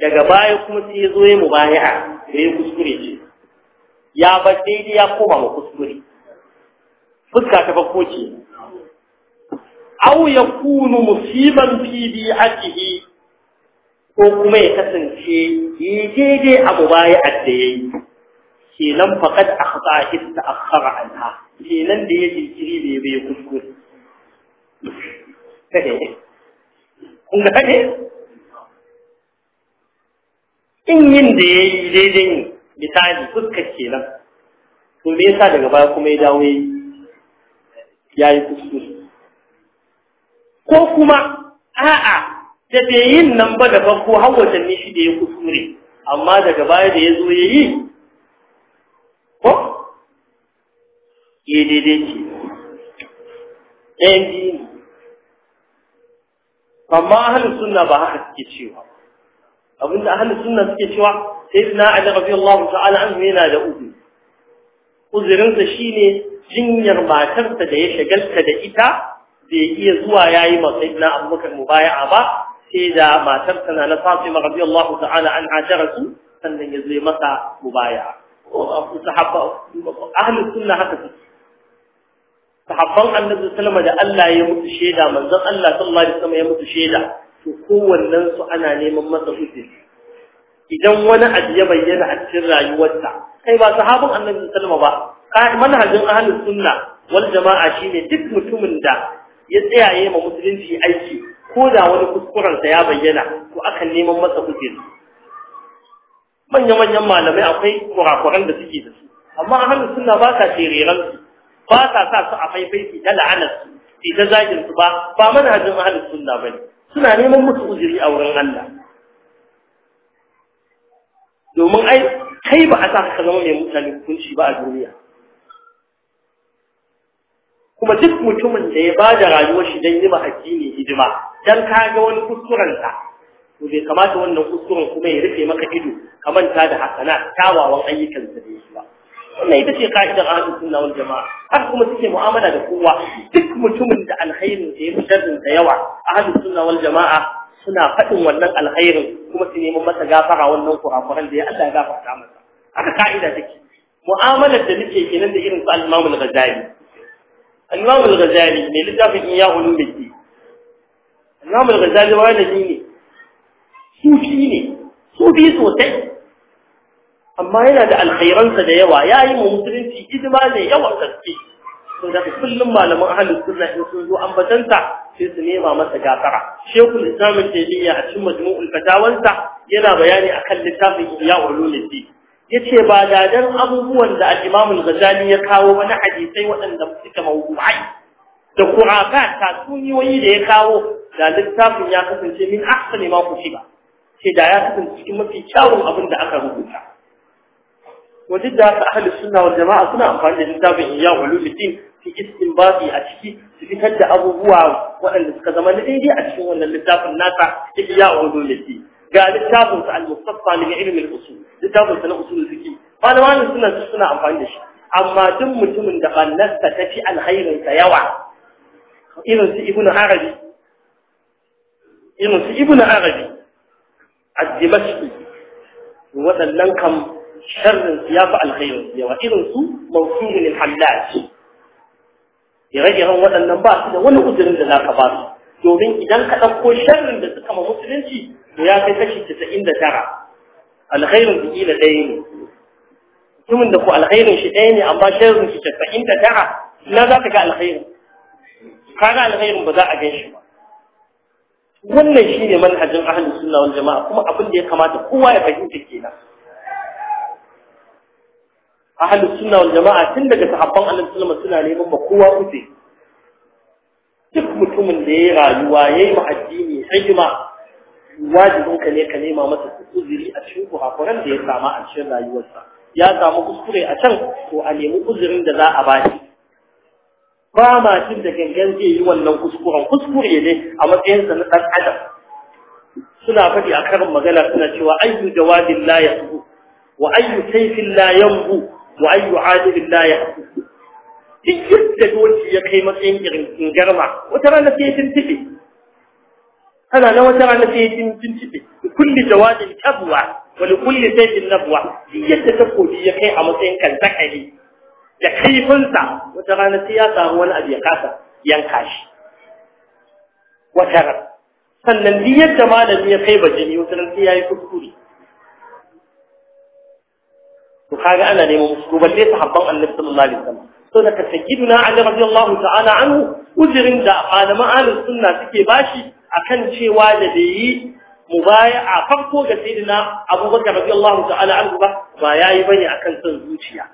daga baya kuma sai ya zo ya mu baya'a da ya kuskure ce ya ba daidai ya koma ma kuskure fuska ta farko ce aw yakunu musiban fi bi'atihi ko kuma ya kasance yi daidai a baya'a da yayi kenan faqad akhta in ta'akhkhara anha kenan da ya jinkiri bai bai kuskure kun ga ne in yin da ya yi daidai ne misali fuskar kenan to me yasa daga baya kuma ya dawo ya yi kuskure ko kuma a'a da bai yin nan ba da farko har watanni shi da ya kuskure amma daga baya da ya zo ya yi ya daidai ce ɗayan biyu ne amma ahalin sunna ba haka suke cewa abinda ahalin sunna suke cewa sai na ali radiyallahu ala anhu yana da uzuri uzurinsa shine jinyar matarsa da ya shagalta da ita bai iya zuwa ya yayi ma sayyidina abubakar mubaya'a ba sai da matarsa na ma fatima radiyallahu ala an su sannan ya zo masa mubaya'a ahlus sunna haka suke sahabban annabi sallama da Allah ya mutu shaida manzon Allah sallallahu alaihi wasallam ya mutu shaida to kowannen su ana neman masa hujja idan wani abu ya bayyana a cikin rayuwarsa kai ba sahabban annabi sallama ba manhajin ahlus sunna wal jama'a shine duk mutumin da ya tsayaye ma musulunci aiki ko da wani kuskuren sa ya bayyana to akan neman masa hujja manya manyan malamai akwai kurakuran da suke da su amma ahlus sunna ba ka shiriran su ba sa sa su a faifai ta la'anar su ta zagin su ba ba manhajin ahlus sunna bane suna neman musu uzuri a wurin Allah domin ai kai ba a sa ka zama mai mutane hukunci ba a duniya kuma duk mutumin da ya ba da rayuwar shi don yi ma addini hidima don ka ga wani kuskurenta, to bai kamata wannan kuskuren kuma ya rufe maka ido ka manta da hasana kyawawan ayyukan da ya ba wannan ita ce ka'idar ahlus sunna wal jama'a haka kuma suke mu'amala da kowa duk mutumin da alkhairin da ya fi sharrin da yawa ahlus sunna wal jama'a suna faɗin wannan alkhairin kuma su neman masa gafara wannan kurakuran da ya Allah ya gafarta masa haka ka'ida take mu'amalar da nake kenan da irin su al-Imam al-Ghazali al-Imam al-Ghazali ne littafin Iyyah ulumuddin al-Imam al-Ghazali wani ne sufi ne sufi sosai amma yana da alkhairansa da yawa ya yi mu musulunci hidima ne yawa gaske to da kullum malaman ahlus sunna in sun zo ambatanta sai su nema masa gafara shekul islam taymiya a cikin majmu'ul fatawansa yana bayani a kan littafin iya Ya yace ba da dan abubuwan da al-imam al ya kawo wani hadisai waɗanda suka mawdu'ai da qur'aka ta suniyoyi da ya kawo da littafin ya kasance min ahsani ma ba, sai da ya kasance cikin mafi kyawun abin da aka rubuta wajen da aka ahalin suna wa jama'a suna amfani da littafin iya ulumuddin fi istinbati a ciki su fitar da abubuwa waɗanda suka zama na daidai a cikin wannan littafin nasa iya ulumuddin ga littafin sa al-mustaffa min ilmi usul littafin sa na usul fiqi malaman suna suna amfani da shi amma duk mutumin da bannasta ta fi alhairin sa yawa irin su ibnu arabi irin su ibnu arabi ad-dimashqi waɗannan kam sharrin su ya fi alkhairin su yawa irin su mawsumin al-hallaj ire-iren waɗannan ba su da wani uzurin da zaka ba su domin idan ka ɗauko sharrin da suka ma musulunci to ya kai kashi casa'in da tara alkhairin su kila ɗaya ne mutumin da ku alkhairin shi ɗaya ne amma sharrin shi casa'in da tara na za ka ga alkhairin ka ga alkhairin ba za a gan ba wannan shine manhajin ahlus sunna wal jama'a kuma abin da ya kamata kowa ya fahimta kenan ahlus sunna wal jama'a tun daga sahabban annabi sallallahu alaihi wasallam suna neman ba kowa uce duk mutumin da ya rayuwa yayi ma addini hijma wajibin ka ne ka nema masa uzuri a cikin kurakuran da ya samu a cikin rayuwarsa ya samu kuskure a can to a nemi uzurin da za a shi ba ma da gangan zai yi wannan kuskuren kuskure ne a matsayinsa na ɗan adam suna faɗi a karin magana suna cewa ayyu jawadin la wa ayyu sayfin la yanbu wa ayyu adilin la yahsu duk yadda doki ya kai matsayin irin garma wata rana sai ya tuntuɓe ana na wata rana sai ya tuntuɓe kulli jawadin tabwa wa li kulli sayyidin nabwa duk yadda takobi ya kai a matsayin kan zakari da kaifinsa wata rana sai ya samu wani abu ya kasa yanka shi wata rana sannan duk yadda malami ya kai bajini wata rana sai ya yi kuskure to kaga ana neman musu balle sahabban annabi sallallahu alaihi wasallam to daga sayyiduna ali radiyallahu ta'ala anhu ujirin da malama ahlus sunna suke bashi akan cewa da bai yi mubaya'a farko ga sayyidina abubakar radiyallahu ta'ala anhu ba ba yayi bane akan son zuciya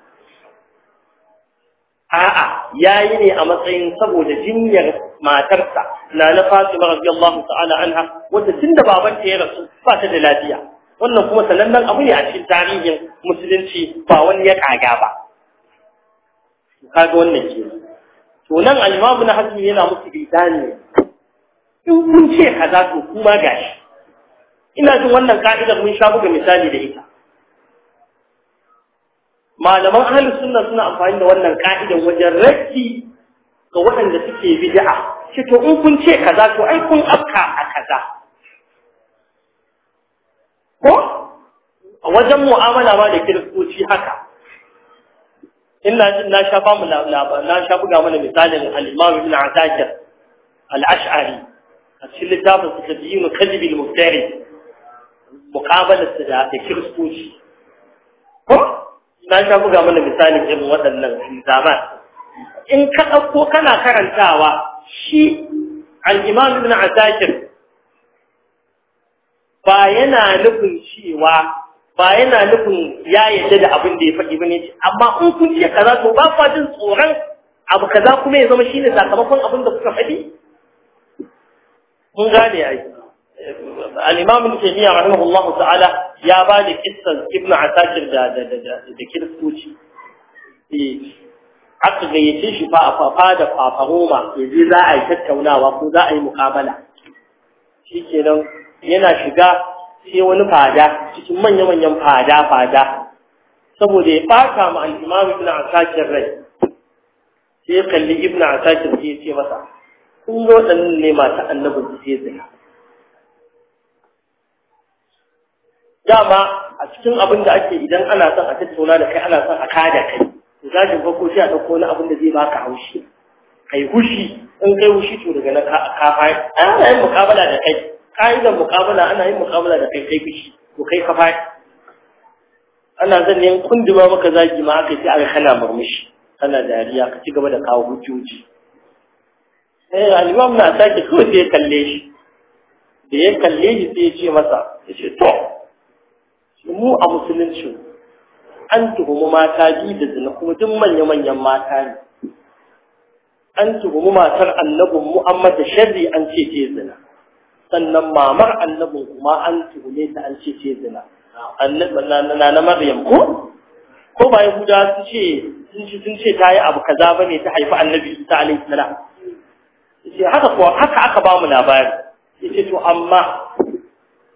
a'a yayi ne a matsayin saboda jinyar matarsa na na Fatima radiyallahu ta'ala anha wata tunda babanta ya rasu ba ta da lafiya wannan kuma sanannen abu ne a cikin tarihin musulunci ba wani ya kaga ba kaga wannan ke to nan al-imamu na hakim yana musu bidani in kun ce kaza to kuma gashi ina jin wannan ka'idar mun sha buga misali da ita malaman hali sunna suna amfani da wannan ka'idar wajen raki ga waɗanda suke bid'a ce to in kun ce kaza to ai kun afka a kaza ko a wajen mu'amala ma da kiristoci haka ina jin na sha mu na sha buga mana misalin al-Imam Ibn Asakir al-Ash'ari a cikin littafin sa Tabiyin Kalbi al-Muftari muqabalar da da kiristoci ko na sha buga mana misalin irin waɗannan zaman in ka ɗauko kana karantawa shi al-Imam Ibn Asakir ba yana nufin cewa ba yana nufin ya yadda da abin da ya faɗi bane ce amma in kun ce kaza to ba kwa jin tsoron abu kaza kuma ya zama shine sakamakon abin da kuka faɗi kun gane ai al-imam ibn taymiyyah rahimahullah ta'ala ya ba da kissan ibn asakir da da da kiristoci eh, aka gayyace shi fa a fafa da fafa roma za a yi tattaunawa ko za a yi mukabala shikenan yana shiga sai wani fada cikin manya-manyan fada-fada saboda ya ɓata ma al'imamu ibn asakir rai sai ya kalli ibn asakir sai ya ce masa kun ga waɗannan ne masu annabin su sai zina dama a cikin abin da ake idan ana son a tattauna da kai ana son a kada kai za ki ga ko a ɗauko wani abin da zai baka haushi kai hushi in kai hushi to daga na ka fa a mukabala da kai ka'idar muƙamala ana yin muƙamala da kai kai bishi ko kai ka Ana ana zanne kunduma maka zagi ma aka sai aka kana murmushi kana dariya ka ci gaba da kawo hujjoji eh alimam na sake kawai sai kalle shi da ya kalle shi sai ya ce masa ya ce to mu a musulunci an tuhumu mata biyu da zina kuma duk manya-manyan mata ne an tuhumu matar annabin mu'ammad da sharri an ce ce zina sannan mamar annabin kuma an tuhume ta an ce ce zina na na maryam ko ko ba yahuda su ce sun ce sun ce abu kaza bane ta haifi annabi ta alaihi salam yace haka ko haka aka ba mu labari yace to amma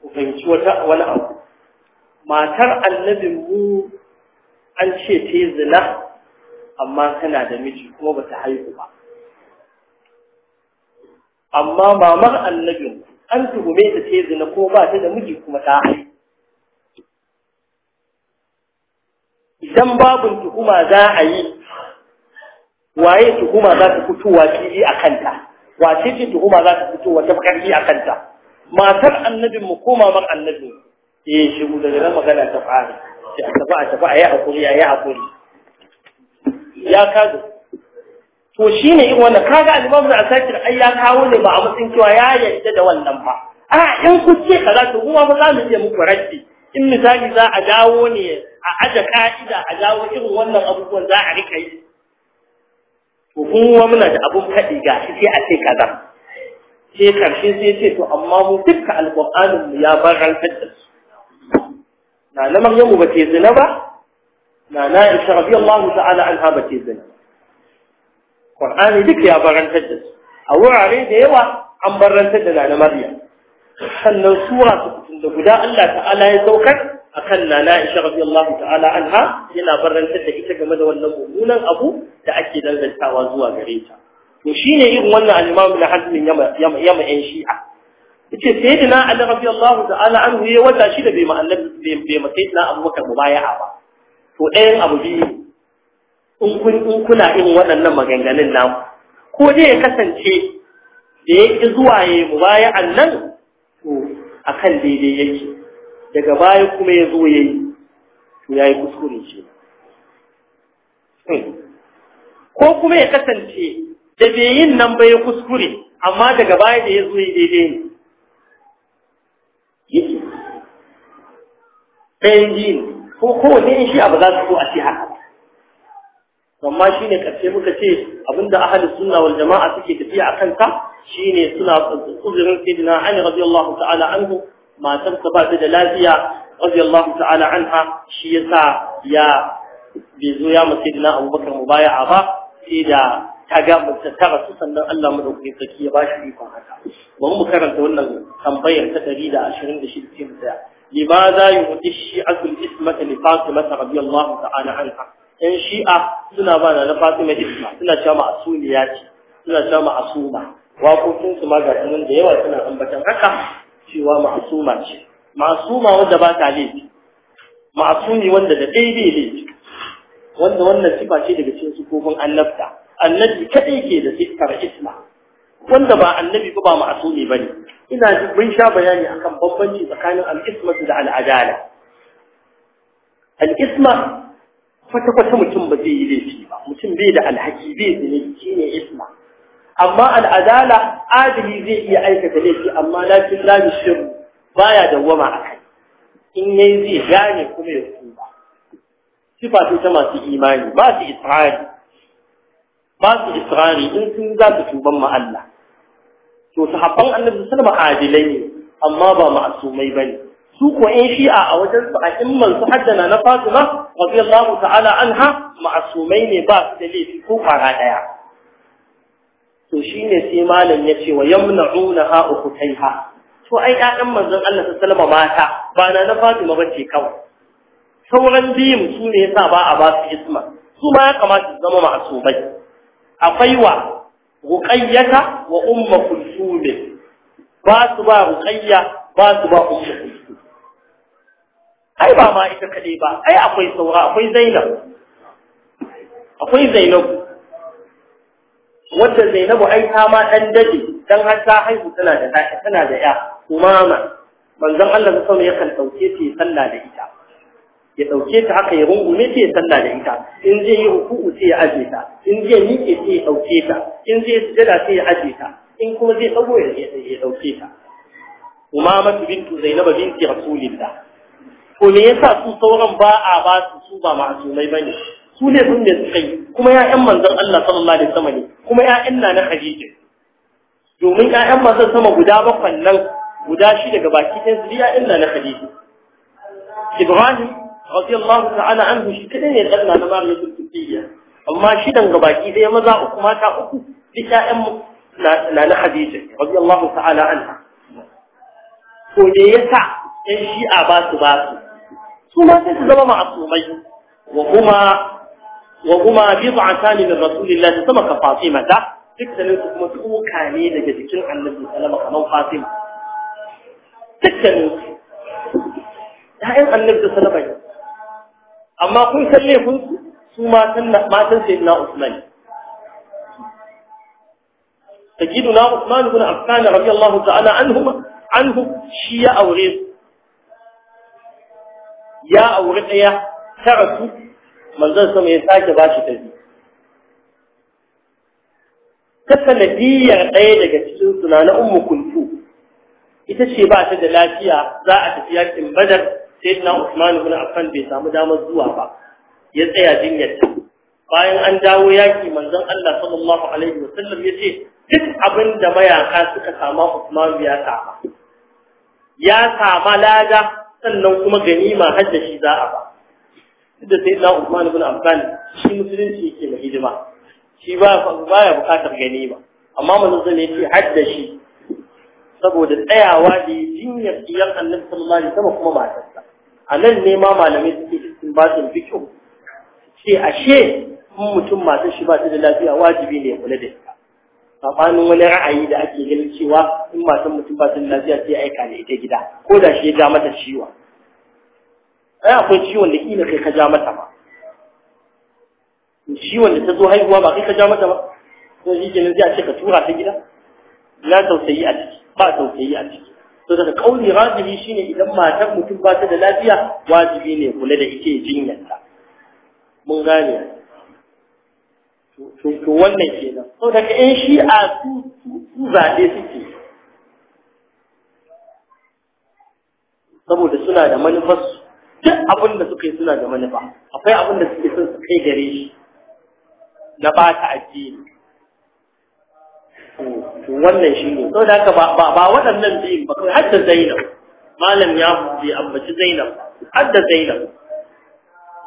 ku fahimci wata wani abu matar annabin mu an ce ta yi zina amma tana da miji kuma ba ta haihu ba amma mamar annabin ku. an tuhume ta ce zina ko ba ta da miji kuma ta haihu idan babin tuhuma za a yi waye tuhuma za ta wa fili a kanta wace ce tuhuma za ta fito ta karfi a kanta matar annabin mu koma man annabin eh shigo da nan magana ta fara a tafi a tafi a yi hakuri a yi hakuri ya kazo to shine in wannan kaga al-Imam al-Asakir ai ya kawo ne ba a mutsin cewa ya yarda da wannan ba a in ku ce kaza to kuma ba za mu je mu kwarace in misali za a dawo ne a aje ka'ida a dawo irin wannan abubuwan za a rika yi to kuma muna da abun faɗi ga shi sai a ce kaza sai karshe sai ce to amma mu al alƙur'anin mu ya bar rantar da su na na maryamu ba ce zina ba na na isha rabiyallahu ta'ala anha ba ce zina kur'ani duk ya barantar da su a wurare da yawa an barantar da Nana Maryam sannan sura da guda Allah ta'ala ya saukar akan Nana Aisha radiyallahu ta'ala anha yana barantar da ita game da wannan mummunan abu da ake dangantawa zuwa gare ta to shine irin wannan al na Ibn yama yan Shi'a yace sayyidina Ali radiyallahu ta'ala anhu ya wata shi da bai ma bai ma sayyidina Abubakar baya ba to ɗayan abu biyu in kuna in waɗannan maganganun namu ko zai ya kasance da ya ƙi zuwa ya yi baya, nan to a kan daidai yake daga baya kuma ya zo ya yi to ya yi kuskure ce hmm. ko kuma ya kasance da bai yin nan ba ya kuskure amma daga baya da ya zo ya daidai ne yake ɗayan biyu ko kowane in shi abu za su so a ce haka amma shine karshe muka ce abinda ahli sunna wal jama'a suke tafiya akan shi ne suna tsubirin sayyidina ali radiyallahu ta'ala anhu matar ta ba ta da lafiya radiyallahu ta'ala anha shi yasa ya bai zo ya mu sayyidina abubakar mubaya'a ba sai da ta ga mutum ta rasu sannan Allah madaukaki sarki ya bashi ikon haka bari mu karanta wannan tambayar ta 126 sai za yi limaza yuhdi shi'atul ismata li fatimah radiyallahu ta'ala anha in shi'a suna ba na Fatima Isma suna cewa ma'asumiya ce suna cewa ma'asuma waƙoƙin su ma ga nan da yawa suna ambatan haka cewa ma'asuma ce ma'asuma wanda ba ta laifi ma'asumi wanda da dai bai laifi wanda wannan sifa ce daga cikin sifofin annabta annabi kadai ke da sifar isma wanda ba annabi ba ba ne. bane ina mun sha bayani akan bambanci tsakanin al-ismatu da al-adala al-isma kwata-kwata mutum ba zai yi laifi ba mutum bai da alhaki bai zane shi ne isma amma al'adala adali zai iya aikata laifi amma lakin lafi shiru ba ya dawwama a kai in yayi zai gane kuma ya ba sifa su ta masu imani ba su isra'ari ba su isra'ari in sun za su tuban ma Allah to sahabban annabi sallama adilai ne amma ba ma'asumai bane su ko in shi'a a wajen su a imman su haddana na Fatima radiyallahu ta'ala anha ma'asumai ne ba su da laifi ko fara daya to ne sai malam ya ce wa yamna'una ha ha. to ai ƴaƴan manzon Allah sallallahu mata ba na na Fatima bace kawai sauran biyun su ne yasa ba a ba su isma su ma ya kamata su zama ma'asumai akwai wa ruqayyata wa umma kulsum ba su ba ruqayya ba su ba umma kulsum ai ba ma ita kaɗai ba ai akwai saura akwai zainab akwai zainab wadda zainabu ai ta ma ɗan daɗe dan har ta haihu tana da tana da ya umama manzon Allah ya yakan ɗauke ta sallah da ita ya ɗauke ta haka ya rungume ta ya sallah da ita in zai yi ruku'u sai ya aje ta in zai miƙe sai ya ɗauke ta in zai sujada sai ya aje ta in kuma zai tsago ya ɗauke ta umama bintu zainab binti rasulillah to me yasa su sauran ba a ba su su ba ma'asumai bane su ne sun ne suka yi kuma 'ya'yan manzon Allah sallallahu alaihi wasallam ne kuma 'ya'yan na na Khadija domin 'ya'yan manzon sama guda bakwai nan guda shi daga baki ɗin su 'ya'yan na na Khadija Ibrahim radiyallahu ta'ala anhu shi kadai ne dan na Maryam Turkiyya amma shi dan gabaki ɗaya maza uku mata uku duk ƴaƴan na na Khadija radiyallahu ta'ala anha ko ne yasa ɗan shi'a ba su ba su ثم تزدب معصومي وهما وهما بضع ثاني من رسول الله تسمك فاطمة تكتنين تكمت أوكاني إيه؟ لجدكين عن نبي سلامك نو فاطمة تكتنين دائم إيه عن نبي سلامك أما كنت ليهن ثم ما تنسينا أثماني تجدنا أثمان هنا أبقان رضي الله تعالى عنهما عنه شيء أو غير ya auri ɗaya ta rasu manzon sama ya sake ba shi ta biyu ta sanadiyar ɗaya daga cikin suna na ummu kuntu ita ce ba ta da lafiya za a tafi yakin badar sai na usman ibn affan bai samu damar zuwa ba ya tsaya jinyarta bayan an dawo yaki manzon Allah sallallahu alaihi wa sallam ya ce duk abin da mayaka suka kama usman ya kama ya kama lada sannan kuma ganima har shi za a ba duk da sai na Usman ibn Affan shi musulunci ke mai hidima shi ba baya bukatar ganima amma manzo zan yace har shi saboda tsayawa da jinyar iyar Annabi sallallahu alaihi wasallam kuma matarsa a nan ne ma malamai suke istinbatin fiqh ce ashe mutum matar shi ba ta da lafiya wajibi ne kula da ita sabanin wani ra'ayi da ake ganin cewa in matan mutum ba sun lafiya sai aika ne ita gida ko da shi ya ja mata ciwon ai akwai ciwon da kila kai ka ja mata ba ciwon da ta zo haihuwa ba kai ka ja mata ba to shi kenan sai a ce ka tura ta gida Na tausayi a ciki ba tausayi a ciki to daga kauli rajibi shine idan matan mutum ba ta da lafiya wajibi ne kula da ita jinyarta mun gane to wannan kenan so daga yan shi'a su zaɓe suke saboda suna da manufarsu duk abin da suka yi suna da manufa akwai abin da suke son su kai gare shi na ba ta addini to wannan shi ne saboda haka ba waɗannan biyun ba kawai hadda zainab malam ya bai ambaci zainab hadda zainab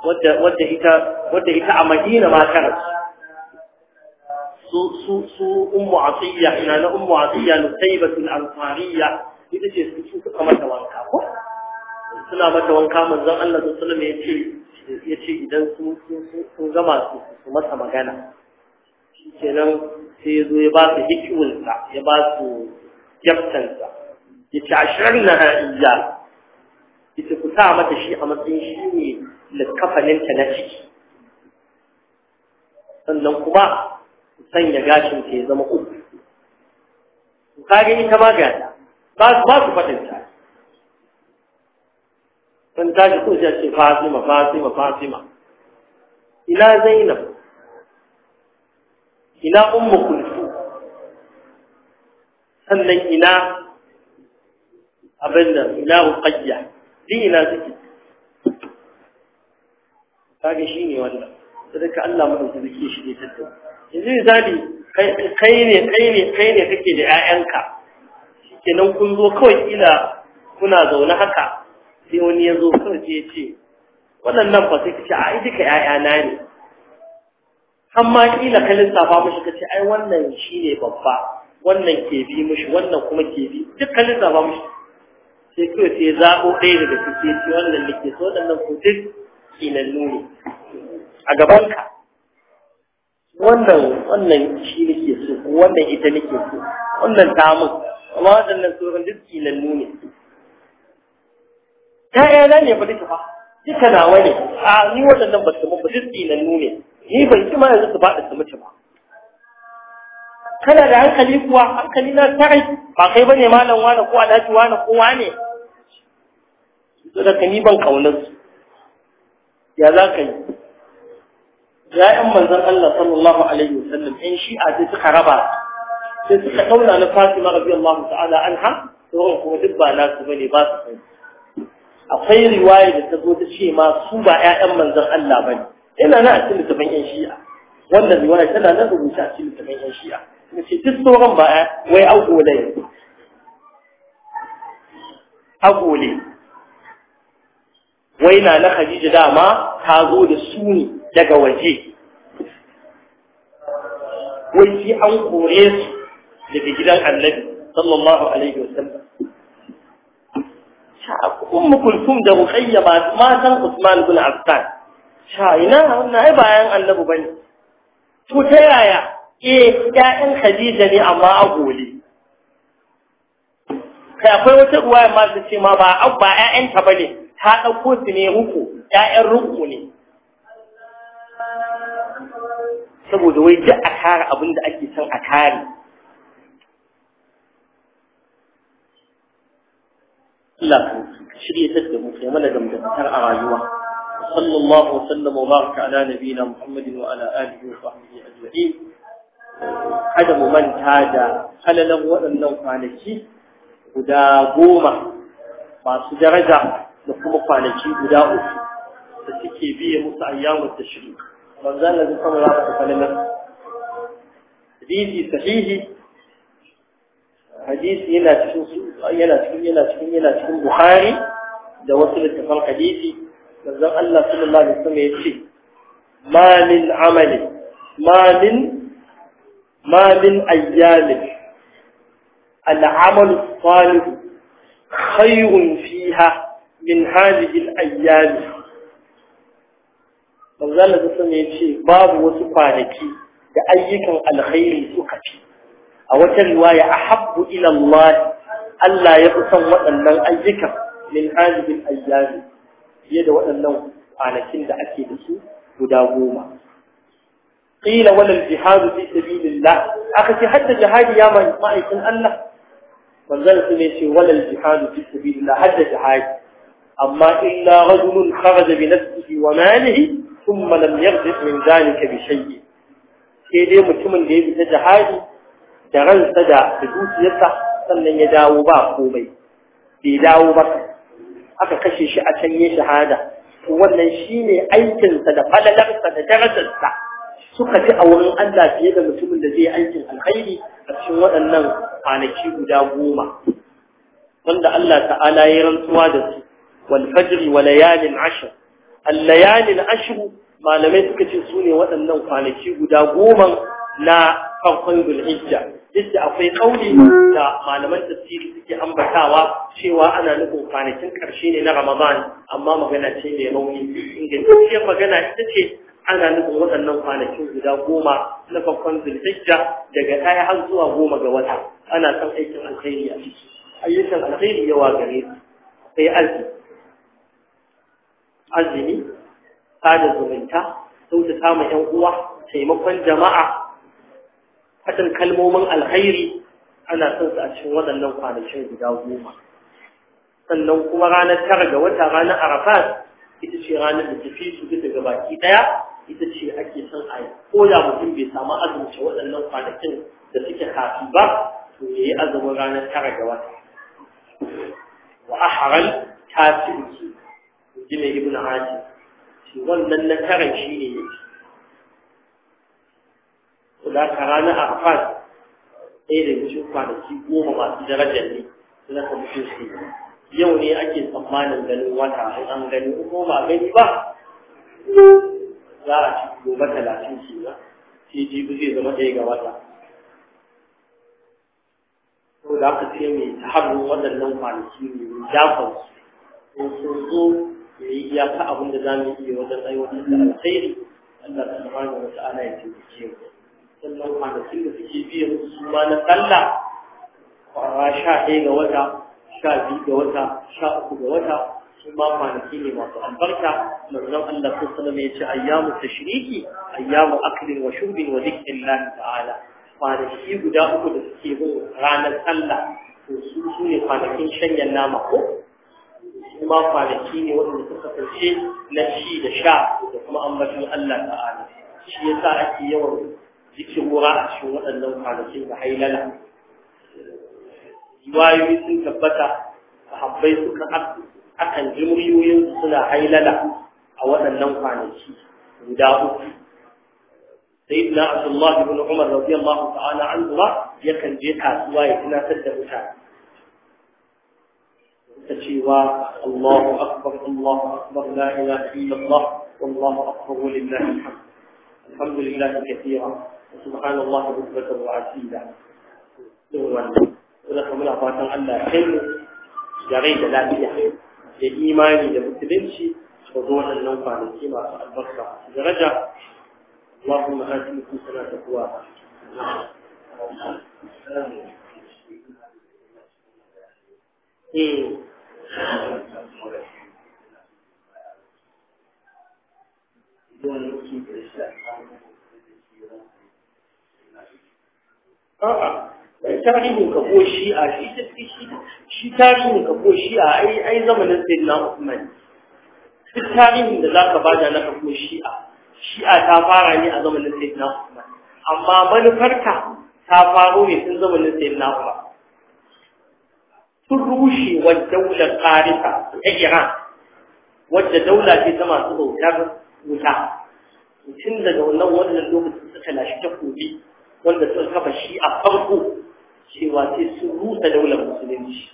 wadda ita a madina ma ta su su ummu atiya ina na ummu atiya lutaibatul ansariya ita ce su suka mata wanka ko suna mata wanka manzon Allah sallallahu alaihi wasallam yace idan sun sun gama su su masa magana kenan sai ya zo ya ba su hikimunsa ya ba su jabtansa ya ce ashirin na iya ita ku sa mata shi a matsayin shi ne likafaninta na ciki sannan kuma sanya gashin ta ya zama uku kaga ita ma gada ba ba su fadin ta sun tashi ko sai ce Fatima Fatima Fatima ila Zainab ila Ummu Kulthum sannan ila abinda ila Uqayya Ni ina suke kage shine wannan sadaka Allah mu da zuke shi ne tattauna yanzu zabi kai ne kai ne kai ne kake da ƴaƴanka kenan kun zo kawai ila kuna zaune haka sai wani ya zo kawai sai ya ce waɗannan fa sai kace ai duka ƴaƴana ne amma kila ka lissafa ka kace ai wannan shine babba wannan ke bi mishi wannan kuma ke bi duk ka lissafa mashi. sai kawai sai zaɓo ɗaya daga cikin wannan da ke so waɗannan ko duk kilannu nuni a gabanka wannan wannan shi nake so wannan ita nake so wannan ta mun amma waɗannan sauran duk Ta ya da ne ba duka fa duka nawa ne a ni wannan ba su mu duk kilannu ne ni ban ki ma yanzu su ba da su mutu ba kana da hankali kuwa hankali na sa'i ba kai bane malam wani ko alhaji wani ko wane to da kani ban kaunar su ya za ka yi ya'yan manzon Allah sallallahu alaihi wasallam in shi'a sai suka raba sai suka daura na Fatima radiyallahu ta'ala anha to kuma duk ba nasu bane ba su sani. akwai riwaya da ta zo ta ce ma su ba ya'yan manzon Allah bane yana na a cikin littafin yan shi'a wannan riwaya tana nan rubuta a cikin littafin yan shi'a kuma ce duk sauran ba wai agole agole wai na na Khadija dama ta zo da su ne daga waje wai an kore su daga gidan annabi sallallahu alaihi wasallam sha ummu kulsum da ruqayya matan usman bin affan sha ina wannan ai bayan annabi bane to ta yaya eh ƴaƴan khadija ne amma a gole kai akwai wata ruwaya ma ta ce ma ba ba ƴaƴanta bane ta ɗauko su ne ruku 'ya'yan ruku ne saboda wai ji a kare abin da ake son a kare Allah ka shirye ta da mu mana gamdakatar a rayuwa sallallahu wa sallama wa baraka ala nabiyina muhammadin wa ala alihi wa sahbihi ajma'in kada mu manta da halalan waɗannan kwanaki guda goma masu daraja da kuma kwanaki guda uku da suke biye musu ayyamu ta shirka رمضان الذي قام رأسه فلما حديثي صحيحي حديثي يلا تشوف يلا تشوف يلا تشوف يلا تشوف بخاري ده وصل اتفال حديثي رمضان الله صلى الله عليه وسلم يتشي ما من عمل ما من ما من أيام العمل الصالح خير فيها من هذه الأيام manzala da sama ya ce babu wasu kwanaki da ayyukan alkhairi suka fi a wata riwaya a habbu ilallah Allah ya fi son waɗannan ayyukan min halibin ayyami fiye da waɗannan kwanakin da ake da su guda goma qila wal jihad fi sabilillah aka ce hadda jihadi ya ma'aikin Allah manzala sun ce wal jihad fi sabilillah hadda jihadi amma illa rajulun kharaja bi nafsihi wa malihi ثم لم يغضب من ذلك بشيء sai dai mutumin da ya fita jihadi da ransa da dukiyarsa sannan ya dawo ba komai bai dawo ba aka kashe shi a can ya shahada wannan shine aikinsa da falalarsa da darajarsa suka ji a wurin Allah fiye da mutumin da zai aikin alkhairi a cikin waɗannan kwanaki guda goma wanda Allah ta'ala ya rantsuwa da su wal fajri wa layalin ashr al-layali al malamai suka ce su ne waɗannan kwanaki guda goma na farkon zulhijja yadda akwai kauli da malaman tafsiri suke ambatawa cewa ana nufin kwanakin ƙarshe ne na ramadan amma magana ce mai rauni ingantacciyar magana ita ce ana nufin waɗannan kwanakin guda goma na farkon zulhijja daga ɗaya har zuwa goma ga wata ana son aikin alkhairi a ciki ayyukan alkhairi yawa gare su sai azumi azumi sada zumunta kyautata ma yan uwa taimakon jama'a fatan kalmomin alkhairi ana son su a cikin waɗannan kwanakin guda goma sannan kuma ranar tara ga wata ranar arafat ita ce ranar da tafi su duka ga baki ɗaya ita ce ake son a ko da mutum bai samu azumce waɗannan kwanakin da suke kafi ba to ya yi azumin ranar tara ga wata wa haram ta ji ibn hajji shi wannan na karan shi ne yake kula ka rana a fas ɗaya da cikin kwanaki goma masu darajar ne suna mutum su yau ne ake tsammanin ganin wata in an gani ko ba gani ba za a ci gobe talatin ba, shi sai jibi zai zama ɗaya ga wata ko da aka ce mai ta haɗu waɗannan kwanaki ne mai jafan Ko sun zo ya yi iyaka abin da za mu iya wajen aiwatar da alkhairi Allah Ta subhanahu wa ta'ala ya taimake mu sannan kwanakin da suke biyan su ma na sallah kwara sha ɗaya ga wata sha biyu ga wata sha uku ga wata su ma kwanaki ne masu albarka manzon Allah sun sallama Ya ce ayyamu tashriki ayyamu aklin wa shurbin wa zikrillah ta'ala kwanaki guda uku da suke bin ranar sallah to su su ne kwanakin shanyan nama ko kuma kwanaki ne waɗanda suka kasance na shi da sha da kuma ambaton Allah ta'ala shi yasa ake yawan zikirwa a cikin waɗannan kwanakin da hailala Wayoyi sun tabbata sahabbai suka akan ji muryoyin suna hailala a waɗannan kwanaki guda uku na abdullahi ibn umar radiyallahu ta'ala anhu yakan je kasuwa ya tunatar da mutane تشيوا الله أكبر الله أكبر لا إله إلا الله والله أكبر ولله الحمد الحمد لله كثيرا وسبحان الله بكرة وعسيلة نعم. ونحن من أعطاك الله خير جريد لا بيح لإيماني لمسلمشي وضوح النوم عن الكيمة البركة درجة اللهم آتني في سنة تقواها Thank نعم. إيه. A'a, tarihin ka ko shi'a shi tarihin ka ko shi'a ai zamanin sai na Usman. Duk tarihin da za ka bada na ko shi'a, shi'a ta fara ne a zamanin sai na Usman. Amma manufarka ta faru ne tun zamanin sai na Usman. sun rushe wa daular ƙarisa ta Iran wadda daula ce ta masu bautar wuta Mutum daga wannan wannan lokacin suka lashe ta takobi wanda sun kafa shi a farko cewa sai sun rusa daular musulunci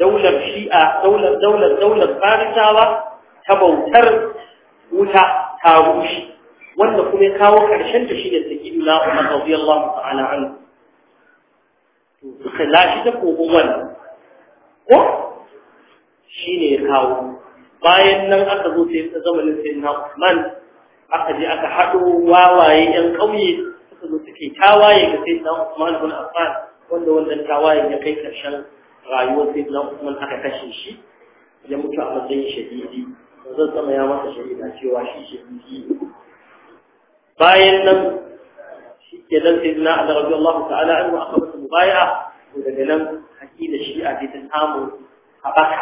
daular shi'a daular daular daular farisawa ta bautar wuta ta rushe wanda kuma ya kawo ƙarshen ta shi da sakidu na umar radiyallahu ta'ala an to suka lashe ta takobin wannan ko shi ne ya kawo bayan nan aka zo sai ta zamanin sai na Usman aka je aka haɗo wawaye ƴan ƙauye suka zo suke tawaye ga sai na Usman ibn Affan wanda wannan tawaye ya kai karshen rayuwar sai na Usman aka kashe shi ya mutu a matsayin shahidi zan sama ya masa shahida cewa shi shahidi bayan nan shi ke nan sai na Allah radiyallahu ta'ala anhu aka mubaya'a daga nan shi'a ce ta samu a baka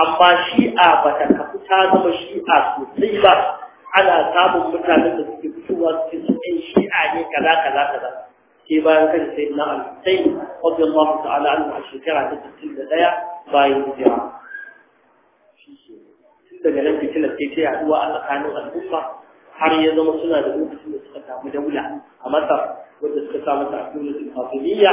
amma shi'a ba ta kafu ta zama shi'a sosai ba ana samun mutanen da suke fitowa su cikin shi'a ne kaza kaza kaza sai bayan kan sai na al mafi ta ta'ala a shekara ta da ɗaya bayan hijira daga nan fitilar sai ta yaduwa a tsakanin al'umma har ya zama suna da lokacin da suka samu daula a masar wadda suka samu ta dole da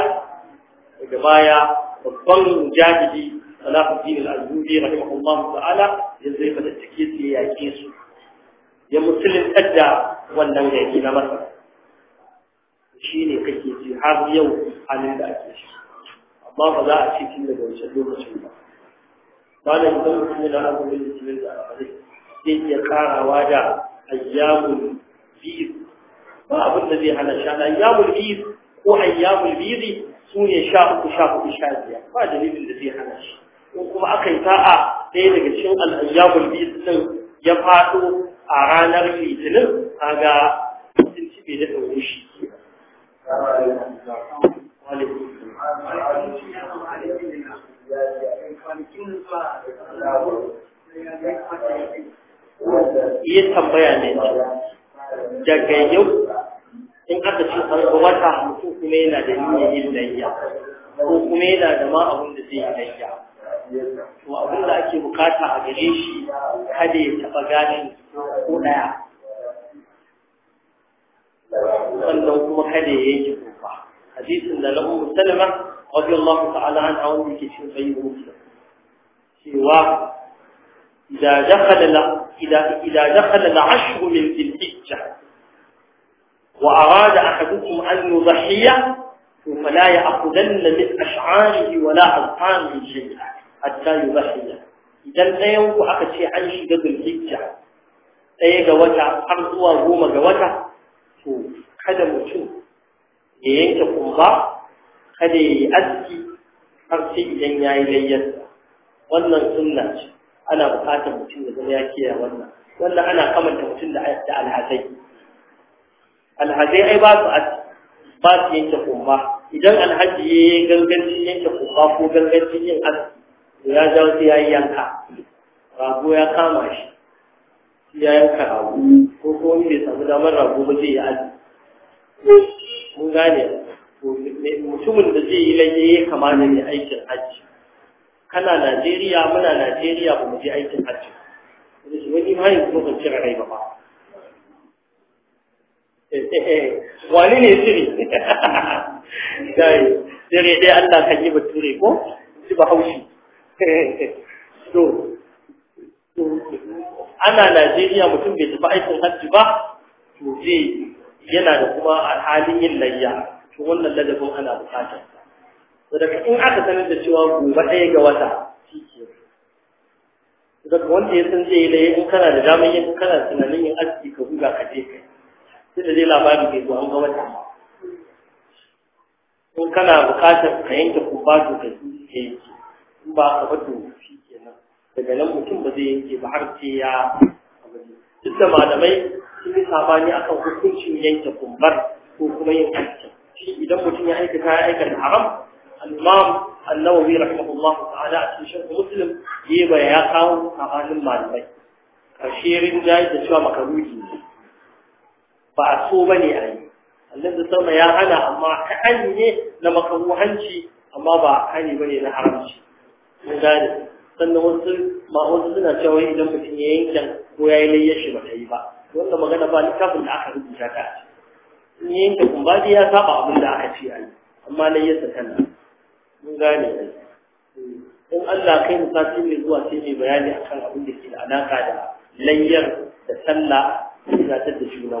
daga baya babban jahili Salahuddin a ayyubi kuma ta'ala ya zai fada cike su ya yake su ya musulun tsadda wannan yaki na masa shi ne kake ji har yau halin da ake shi amma ba za a ce tun daga wancan lokacin ba ba da mutum mutum yana azumin musulun da al'adai zai iya karawa da ayyamun biyu ba abin zai hana shi ayyamun biyu ko ayyamul biyu su ne sha uku sha hudu sha biyar ba dalilin da zai hana shi ko kuma aka yi sa'a ɗaya daga cikin al'ayyabul biyu din ya faɗo a ranar litinin kaga sun ci bai da ɗaure shi iya tambaya ne daga yau in aka ci farko wata mutum kuma yana da niyyar yin layya ko kuma yana da ma abun da zai yi layya to abin da ake bukata a gare shi kada ya taba ganin ko daya sannan kuma kada ya yi kufa hadisin da lahu wajen radiyallahu ta'ala an a wanda yake cikin sayyid muslim cewa إذا دخل إذا إذا دخل العشر من ذي الحجة وأراد أحدكم أن يضحي فلا يأخذن من أشعاره ولا ألقانه شيئا حتى يضحي idan ɗayanku aka ce an shiga zulhijja ɗaya ga wata har zuwa goma ga wata to kada mutum ya yanke kumba kada ya yi aski har idan ya yi layyarsa wannan sunna ana buƙatar mutum ya zama ya kiyaye wannan wannan ana kamanta mutum da alhazai alhaji ai ba su ba su yanke kuma idan alhaji ya yi gangancin yanke kuma ko gangancin yin aski ya jawo sai ya yi yanka rago ya kama shi ya yanka rago ko ko wani bai samu damar rago ba zai yi aski mun gane mutumin da zai yi lalle ya kama da mai aikin hajji kana Najeriya muna Najeriya ba mu je aikin hajji wani ma yanzu ba cire rai ba Eh, eh, eh. wani ne siri dai dare dai Allah kan yi bature ko shi ba haushi to ana Najeriya mutum bai tafi aikin hajji ba to zai yana da kuma halin yin layya to wannan ladabin ana bukatar sa daga in aka sanar da cewa gobe ɗaya ga wata shi daga wanda ya san zai yi laye in kana da damar yin kana tunanin yin aski ka buga ka je kai da zai labari ke zuwa ga wata in kana bukatar ka yanke kufa to ka ke in ba ka ba to shi kenan daga nan mutum ba zai yanke ba har sai ya duk da malamai sun yi sabani akan hukuncin yanke kumbar ko kuma yin aikin shi idan mutum ya aikata ya aikata haram al-imam an-nawawi rahimahullahu ta'ala a cikin shi muslim yayi ya kawo sabanin malamai kashirin jayi da cewa makaruji ne ba a so ba ne a yi da sama ya hana amma kaɗan ne na hanci amma ba hani ba ne na haramci mun gane sannan wasu ma wasu suna cewa idan mutum ya yanke ko ya yi layyar shi ba ta yi ba wanda magana ba littafin da aka rubuta ta in yanke kumbadi ya saba abin da aka ce a yi amma layyar sa tana mun gane in Allah kai mu sati mai zuwa sai mai bayani akan abin da ke da alaka da layyar da sallah da ta da shi mu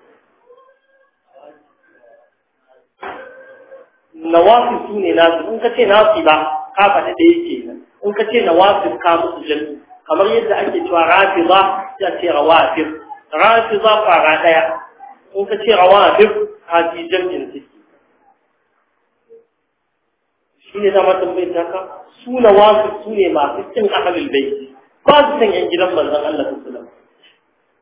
nawafi su ne nasu in ka ce nasu ba ka faɗi da yake nan in ka ce nawafi ka musu jami kamar yadda ake cewa rafi rafiza ya ce za rafiza fara ɗaya in ka ce rawafi ka ji jami'in ciki shi ne zama tambayi ta ka su nawafi su ne masu cin ahalin bai ba su san yan gidan manzon Allah su alaihi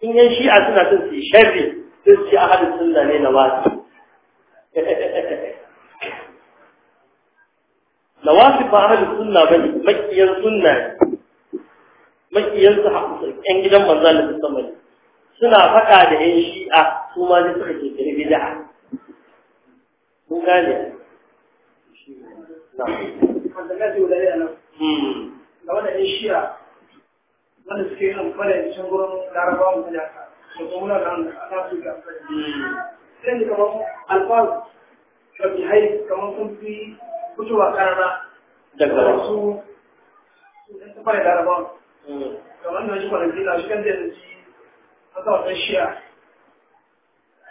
in yan shi'a suna son su yi sharri sun su ci ahalul sunna ne nawafi nawasib ba ahlus sunna bane makiyan sunna makiyan sahabbai yan gidan manzo Allah sallallahu alaihi suna faɗa da yan shi'a su ma ne suka kirkiri bid'a kun gane na wanda hmm. ga da yana nan da wanda yan shi'a wanda suke yin amfani da cikin gurin larabawa mu da ka ko kuma na da ana su ga sai kamar alfaru shafi hai kamar sun fi fitowa karara daga wasu ta fara da rabon kamar da shi kwanaki na shi kan da yanzu a wata shiya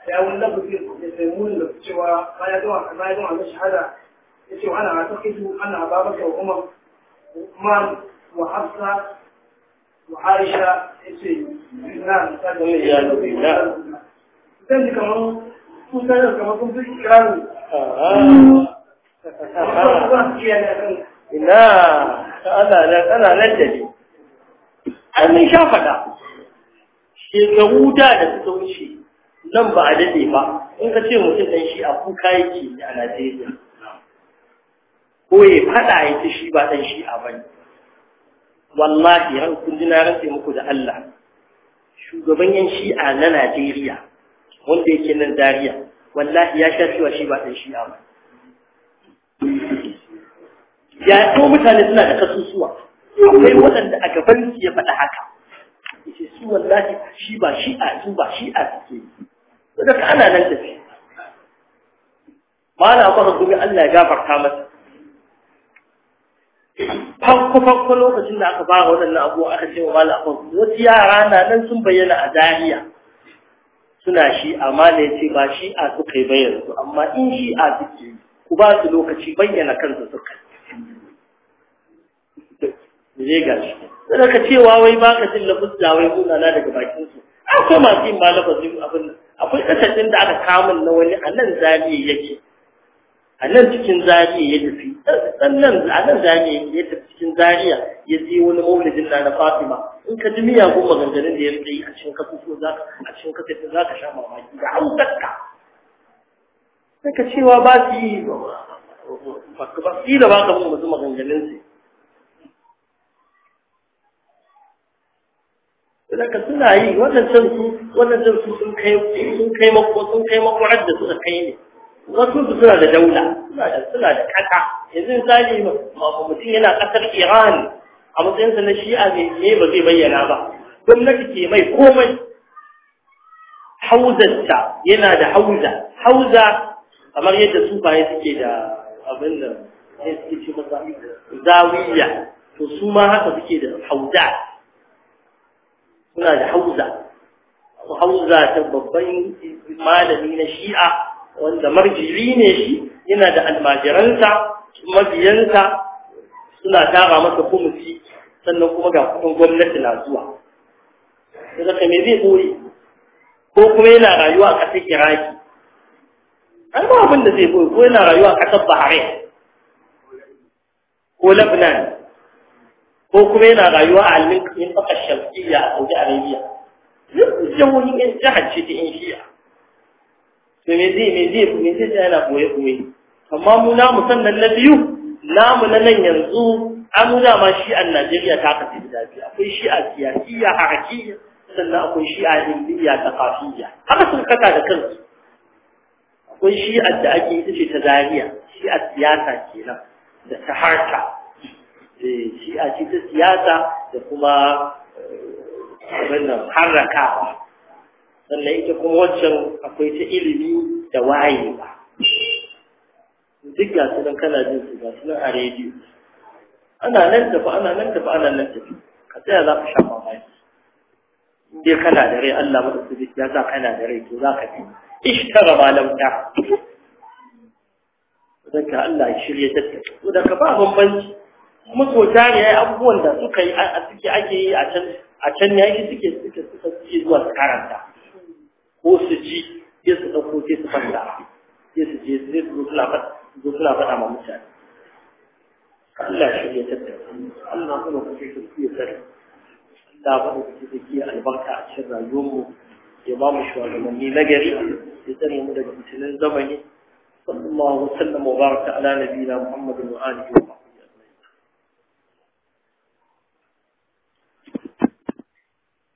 ya wani lafafi da sai muni da cewa bayan gama bayan gama na shahada ya ce ana ta kitu ana babar da umar ma wa hafsa wa aisha ya ce na ta da na zan ji kamar sun da kamar sun fi ina ana nan da ni an mun sha faɗa shekaru da da suka wuce nan ba a daɗe ba in ka ce mutum ɗan shi a kuka yake a Najeriya ko ya faɗa ya ce shi ba ɗan shi a bani. wallahi ran kun ji na rantse muku da Allah shugaban yan shi'a na Najeriya wanda yake nan Dariya wallahi ya sha cewa shi ba ɗan shi'a ya ko mutane suna da kasusuwa akwai waɗanda a gaban su ya faɗi haka yace su wallahi shi ba shi a su ba shi a suke da ka ana nan tafi mala ba ka gumi Allah ya gafarta masa farko farko lokacin da aka fara waɗannan abuwa aka ce wa mala akwai wasu yara na nan sun bayyana a zahiya suna shi amma ne ce ba shi a suka yi bayyana su amma in shi a suke ku ba su lokaci bayyana kansu suka zai shi sai ka cewa wai baka jin lafuzza wai kuna na daga bakin su akwai masu yin ba lafazin abin nan akwai kasashen da aka kamun na wani a nan zaliye yake a nan cikin zaliya ya tafi sannan a nan zaliya ya tafi cikin zariya, ya je wani maulidin na na fatima in ka ji miyagun maganganun da ya rike yi a cikin kasusu za ka a cikin kasusu za ka sha mamaki da hausarka sai ka cewa ba su yi ba su yi da ba ka mutu maganganun su daga suna yi wannan su wannan su sun kai sun kai mako sun kai mako hadda suka kai ne wasu su suna da daula suna da suna da kasa yanzu misali mutum yana kasar Iran a matsayinsa na shi'a ne ba zai bayyana ba gwamnati ke mai komai hauzarta yana da hauza hauza kamar yadda sufaye suke da abin da ne suke ce masa zawiya to su ma haka suke da hauza suna da hauza hauza ta babban malami na shi'a wanda marjiri ne shi yana da almajiransa mabiyansa suna tara masa kumusi sannan kuma ga kudin gwamnati na zuwa da ka me zai ɓoye. ko kuma yana rayuwa a ƙasar iraki an ba abin da zai ɓoye ko yana rayuwa a ƙasar bahrain ko lebanon ko kuma yana rayuwa a almin ƙasar shamsiyya a saudi arabia duk jihohin yan jihar ce ta yan shiya to me zai me zai me zai ta yana koye koye amma mu na sannan na biyu namu na nan yanzu an nuna ma a najeriya ta kasu gida biyu akwai shi'a siyasiyya harakiyya sannan akwai shi a hindiyya ta kafiyya haka sun kaka da kansu akwai shi a da ake ita ce ta zariya shi a siyasa kenan da ta harka Eh, shi ce ta siyasa da kuma wannan eh, harrakawa sannan ita kuma wancan akwai ta ilimi da ba. duk gasu don kana jin su gasu nan a rediyo ana nan tafi ana nan tafi ana nan tafi ka tsaya za ka sha mamaki in kana da rai Allah maɗaukaki ya sa kana da rai to za ka fi ishtara Zan Zaka Allah ya shirya da ka ba bambanci makota ne ya abubuwan da suka yi a suke ake yi a can a can ne ake suke suke suka suke zuwa su karanta ko su ji ya su ɗauko ke su fanta ya su je su zo suna faɗa zo suna faɗa ma mutane Allah shi ya tattara Allah kuma kuke su ya tsare Allah kuma kuke su ke albarka a cikin rayuwarmu ya ba mu shugabanni na gari ya tsare mu daga fitinin zamani sallallahu alaihi wa sallam wa baraka ala nabiyina Muhammadin wa alihi wa sahbihi